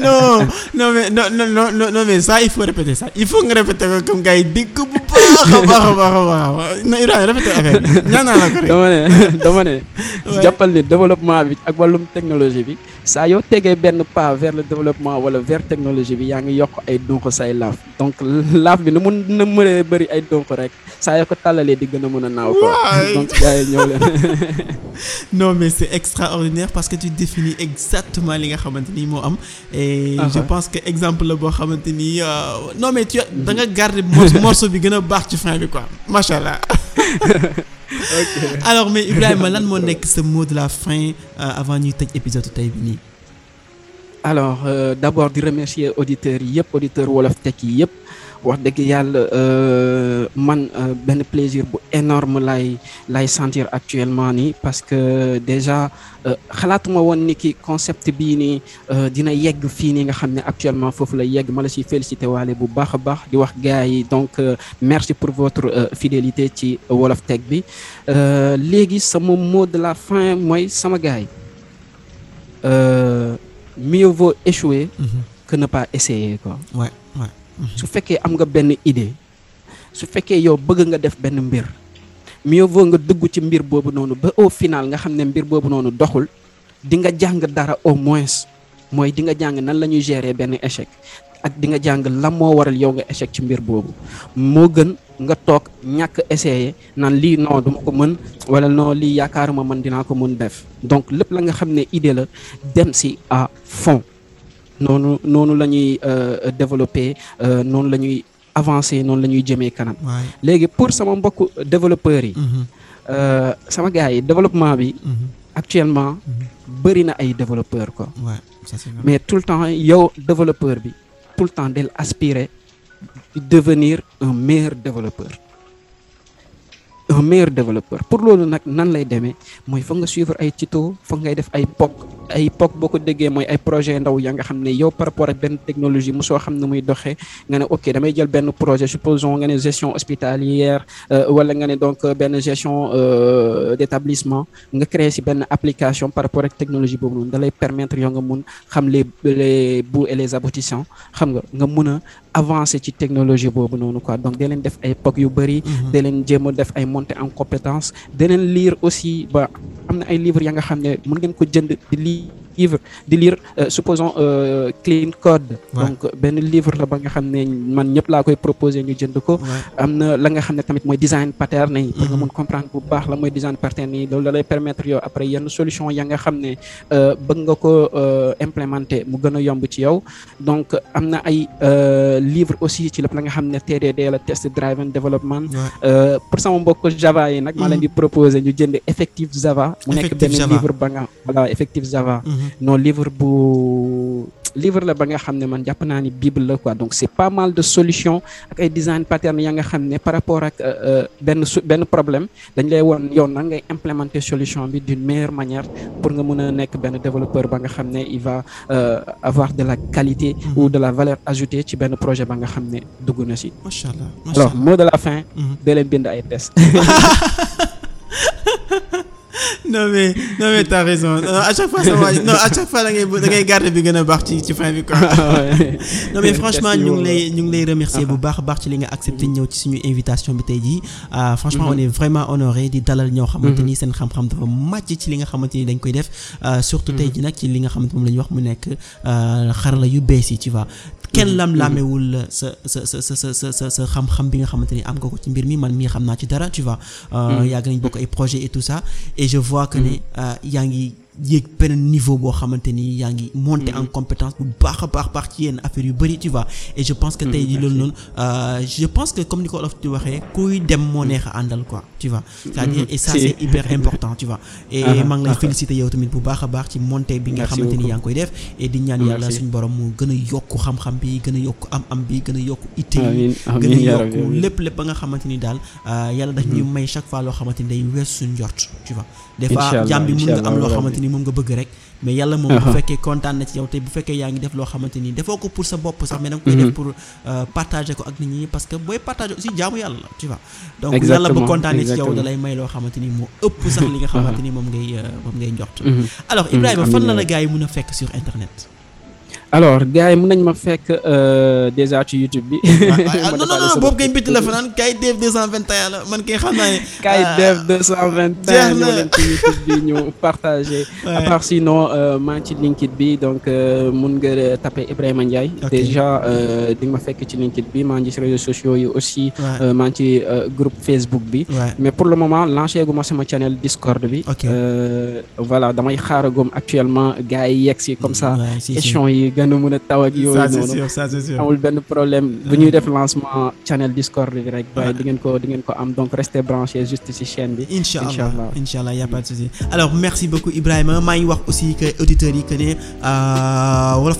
non non mais non non non non mais ça il faut répéter ça il faut nga répéter ko comme gars yi dégg bu baax a baax a baax a baax non Ibrahima répéter affaire bi ñaan naa la ko rek. dama ne dama ne. jàppal ni développement bi ak wàllum technologie bi saa yoo tegee benn pas vers le développement wala vers technologie bi yaa ngi yokk ay donk say laaf donc laaf bi nu mun na mëree bëri ay donk rek saa yoo ko tàllalee di gën a mën a naaw. donc gars yi ñëw leen. non mais c'est extra. extraordinaire parce que tu définis exactement li nga xamante nii moo am. et ah je pense que exemple la boo xamante nii euh, non mais tu da nga garder morceau bi gën a baax ci fin bi quoi macha allah. ok alors mais Ibrahima lan moo nekk sa mot de la fin euh, avant ñuy tëj épisode tey bi nii. alors euh, d'abord di remercier auditeurs yëpp auditeurs wolof Tekki yëpp. wax dëgg yàlla euh, man euh, benn plaisir bu énorme lay lay sentir actuellement nii parce que déjà euh, xalaatuma woon ni ki concept bii nii dina yegg fii nii nga xam ne actuellement foofu la yegg ma la siy félicité waale bu baax a baax di wax gars yi donc merci pour votre fidélité ci Wolof Tech bi léegi sama mot de la fin mooy sama gars yi mieux vaut échouer mm-hmm. que ne pas essayer quoi. su fekkee am nga benn idée su fekkee yow bëgg nga def benn mbir mieux vaut nga dëggu ci mbir boobu noonu ba au final nga xam ne mbir boobu noonu doxul di nga jàng dara au moins mooy di nga jàng nan la ñuy gérer benn échec ak di nga jàng lan moo waral yow nga échec ci mbir boobu moo gën nga toog ñàkk essayer nan lii non duma ko mën wala non lii yaakaaruma mën dinaa ko mën def donc lépp la nga xam ne idée la dem si à fond noonu noonu la ñuy euh, développer euh, noonu la ñuy avancer noonu la ñuy jëmee kanam. léegi pour sama mbokku développeur yi. Mm-hmm. Euh, sama gars yi développement bi. Mm-hmm. actuellement mm-hmm. bëri na ay développeur quoi. mais tout le temps yow développeur bi tout le temps del aspirer devenir un meilleur développeur. un meilleur développeur pour loolu nag nan lay demee mooy foog nga suivre ay tuto foog ngay def ay pok ay POC boo ko déggee mooy ay projet ndaw ya nga xam ne yow par rapport ak benn technologie mu soo xam ne muy doxee nga ne ok damay jël benn projet supposons nga ne gestion hospitalière euh, wala nga ne donc euh, benn gestion euh, d'établissement nga créer si benn application par rapport ak technologie boobu noonu da lay yoo yow nga mun xam le les bouts et les aboutissants xam nga nga mun a avancer ci technologie boobu noonu quoi donc da leen def ay POC yu bëri mhm. da leen jéem a def ay montée en compétence yi livre di lire euh, supposons euh, clean code donc euh, benn livre la ba nga xam ne man ñëpp laa koy proposé ñu jënd ko am na la nga xam ne tamit mooy design pattern yi pour nga mhm. mun comprendre bu baax la mooy design pattern yi loolu da lay permettre après yenn solution ya nga xam ne bëgg nga ko implémenter mu gën a yomb ci yow donc am na ay livre aussi ci lap la nga xam ne TDD la test driven development pour sama mbokk Java yi nag ma leen mhm. di proposé ñu jënd effective Java mu nekk benn livre ba nga voilà effective Java mhm. non livre bu livre la ba nga xam ne man jàpp naa ni bible la quoi donc c'est pas mal de solution ak ay design pattern ya nga xam ne par rapport ak euh, euh, benn su benn problème dañ lay woon yow nan ngay implémenter solution bi d'une meilleure manière pour nga mun a nekk benn développeur ba nga xam ne i va euh, avoir de la qualité mm-hmm. ou de la valeur ajoutée ci benn projet ba nga xam ne dugg na si. macha allah alors mot de la fin. Mm-hmm. da leen bind ay test. non mais non mais t'as raison chaque fois ça va chaque fois da ngay bi gën a baax ci ci fin bi quoi. Ah non mais franchement ñu ngi lay ñu bu ah. baax a baax ci li nga accepté ñëw ci suñu invitation bi tey jii ah, franchement mm-hmm. on est vraiment honoré di dalal ñoo xamante nii mm-hmm. seen xam-xam dafa màcc ci li nga xamante ni dañ koy def surtout tey mm-hmm. jii nag ci li nga xamante moom la ñuy wax mu nekk xarala yu bees yi tu vois kenn lam-laamewul sa sa sa sa sa sa sa xam-xam bi nga xamante ni am ko ci mbir mi man mii xam naa ci dara tu yàgg nañ bokk ay projet et tout vois que mm. euh, yaa ngi yéeg beneen niveau boo xamante ni yaa ngi monter mm. en compétence bu baax a baax baax ci yenn affaire yu bëri tu vois et je pense que mm. tey jii loolu noonu euh, je pense que comme ni ko olof di waxee kuy dem moo neex a àndal quoi tu vois mm-hmm. cest à important tu vois et ah, yow tamit bu baax a baax ci monter bi nga xamante ni yaa ngi koy def et di ñaan yàlla suñu borom mu gën a yokk xam-xam bi gën a yokk am-am bi gën a yokk itte yi gën a yokk lépp lépp ba nga xamante ni daal euh, yàlla daf ñuy mm-hmm. may chaque fois loo xamante ni day wees suñ njort des fois bi mun nga am loo xamante ni moom nga bëgg rek mais yàlla moom bu uh-huh. fekkee kontaan na ci yow te bu fekkee yaa ngi def loo xamante ni defoo ko pour sa bopp sax mais da nga koy def mm-hmm. pour euh, partager ko ak nit ñi parce que booy partager aussi jaamu yàlla la tu vois donc yàlla bu kontaanee ci yow da lay may loo xamante ni moo ëpp sax li nga uh-huh. xamante ni moom ngay euh, moom ngay njort mm-hmm. alors Ibrahima fan na la gars yi mun a fekk sur internet alors gars yi mën nañ ma fekk euh, déjà ci YouTube bi. Ah, ah, non non non boobu kay mbitt la fa naan kay dev 221 la man kay xam naa ne. kay ah, dev 221 ñoo leen ci YouTube bi partagé. à part sinon euh, maa ci LinkedIn bi donc euh, mun nga taper Ibrahima Ndiaye. déjà di ma fekk ci LinkedIn bi maa ngi ci réseaux sociaux yi aussi. maa ngi ci groupe Facebook bi. mais pour le moment lancé gu ma sama channel Discord bi. voilà damay xaaragom actuellement gars yi yegg si comme mm, ça. échelons yi gën a mën a taw ak yooyu noonu amul benn problème bu ñuy def lancement channel Discord bi ko di ngeen ko a pas de souci alors aussi que auditeurs euh,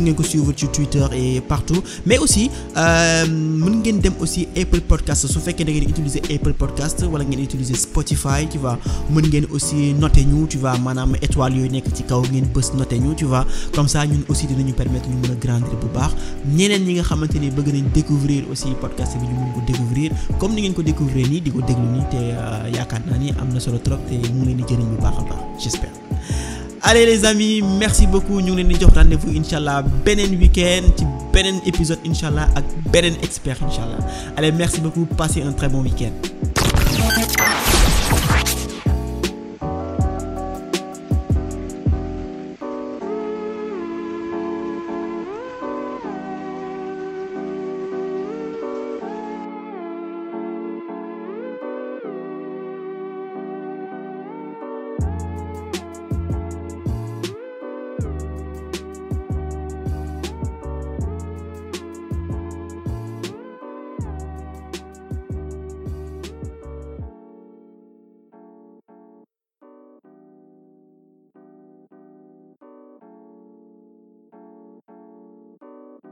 ngeen ko suivre ci Twitter et partout mais aussi euh, mën ngeen dem aussi Apple Podcast su fekkee da ngeen utiliser Apple Podcast wala ngeen utiliser Spotify tu vois mën ngeen aussi noter ñu tu maanaam étoile yooyu nekk ci kaw ngeen bës noter ñu tu vois comme ñun aussi dinañu permettre ñu mën a grandir bu baax ñeneen ñi nga xamante ni bëgg nañ découvrir aussi podcast bi ñu mën ko découvrir comme ni ngeen ko découvrir nii di ko déglu nii te euh, yaakaar naa nii am na solo trop te mu ngi leen di jëriñ bu baax a baax j'espère allez les amis merci beaucoup ñu ngi leen di jox rendez-vous incha allah beneen week ci beneen épisode incha allah ak beneen expert incha allah allez merci beaucoup passez un très bon